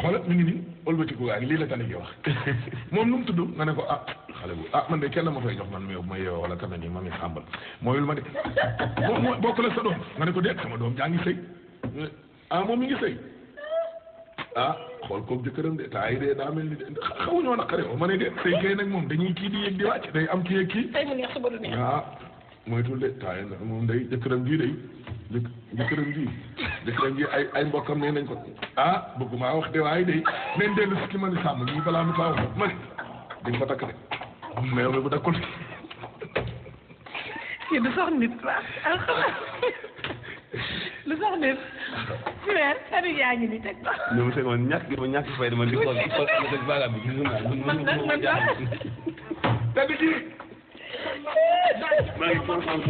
xoolal mi ngi lii la tane gi wax moom nu tudd nga ne ko ah xale bu ah ma fay jox man meew ma yeewoo wala tane nii ma mi xàmbal mooyul ma de bokk doom nga ko déet sama doom jaa sëy euh, ah, moom mi sëy ah xool koog jëkkëram de taa de daa mel ni de xawuñoo naqare ma ne de tey nag moom dañuy kii di yëg di wàcc day am kii yëg kii. tey mu neex suba du neex ah moytul de taa moom day jëkkëram ji day jëkkëram ji ay ay mbokkam nee nañ ko ah bëgguma wax de waaye day nañ dellu si ki ma ni sàmm balaa mu faaw ma ne ko takk de mais yow bu dakkul. yéen du soxna nit lu sax nit weer xaru yaa ngi ni teg ko. non monsieur man ñàkk gi ma ñàkk fay dama di xool di xool ak baaraam bi gis nga man man man man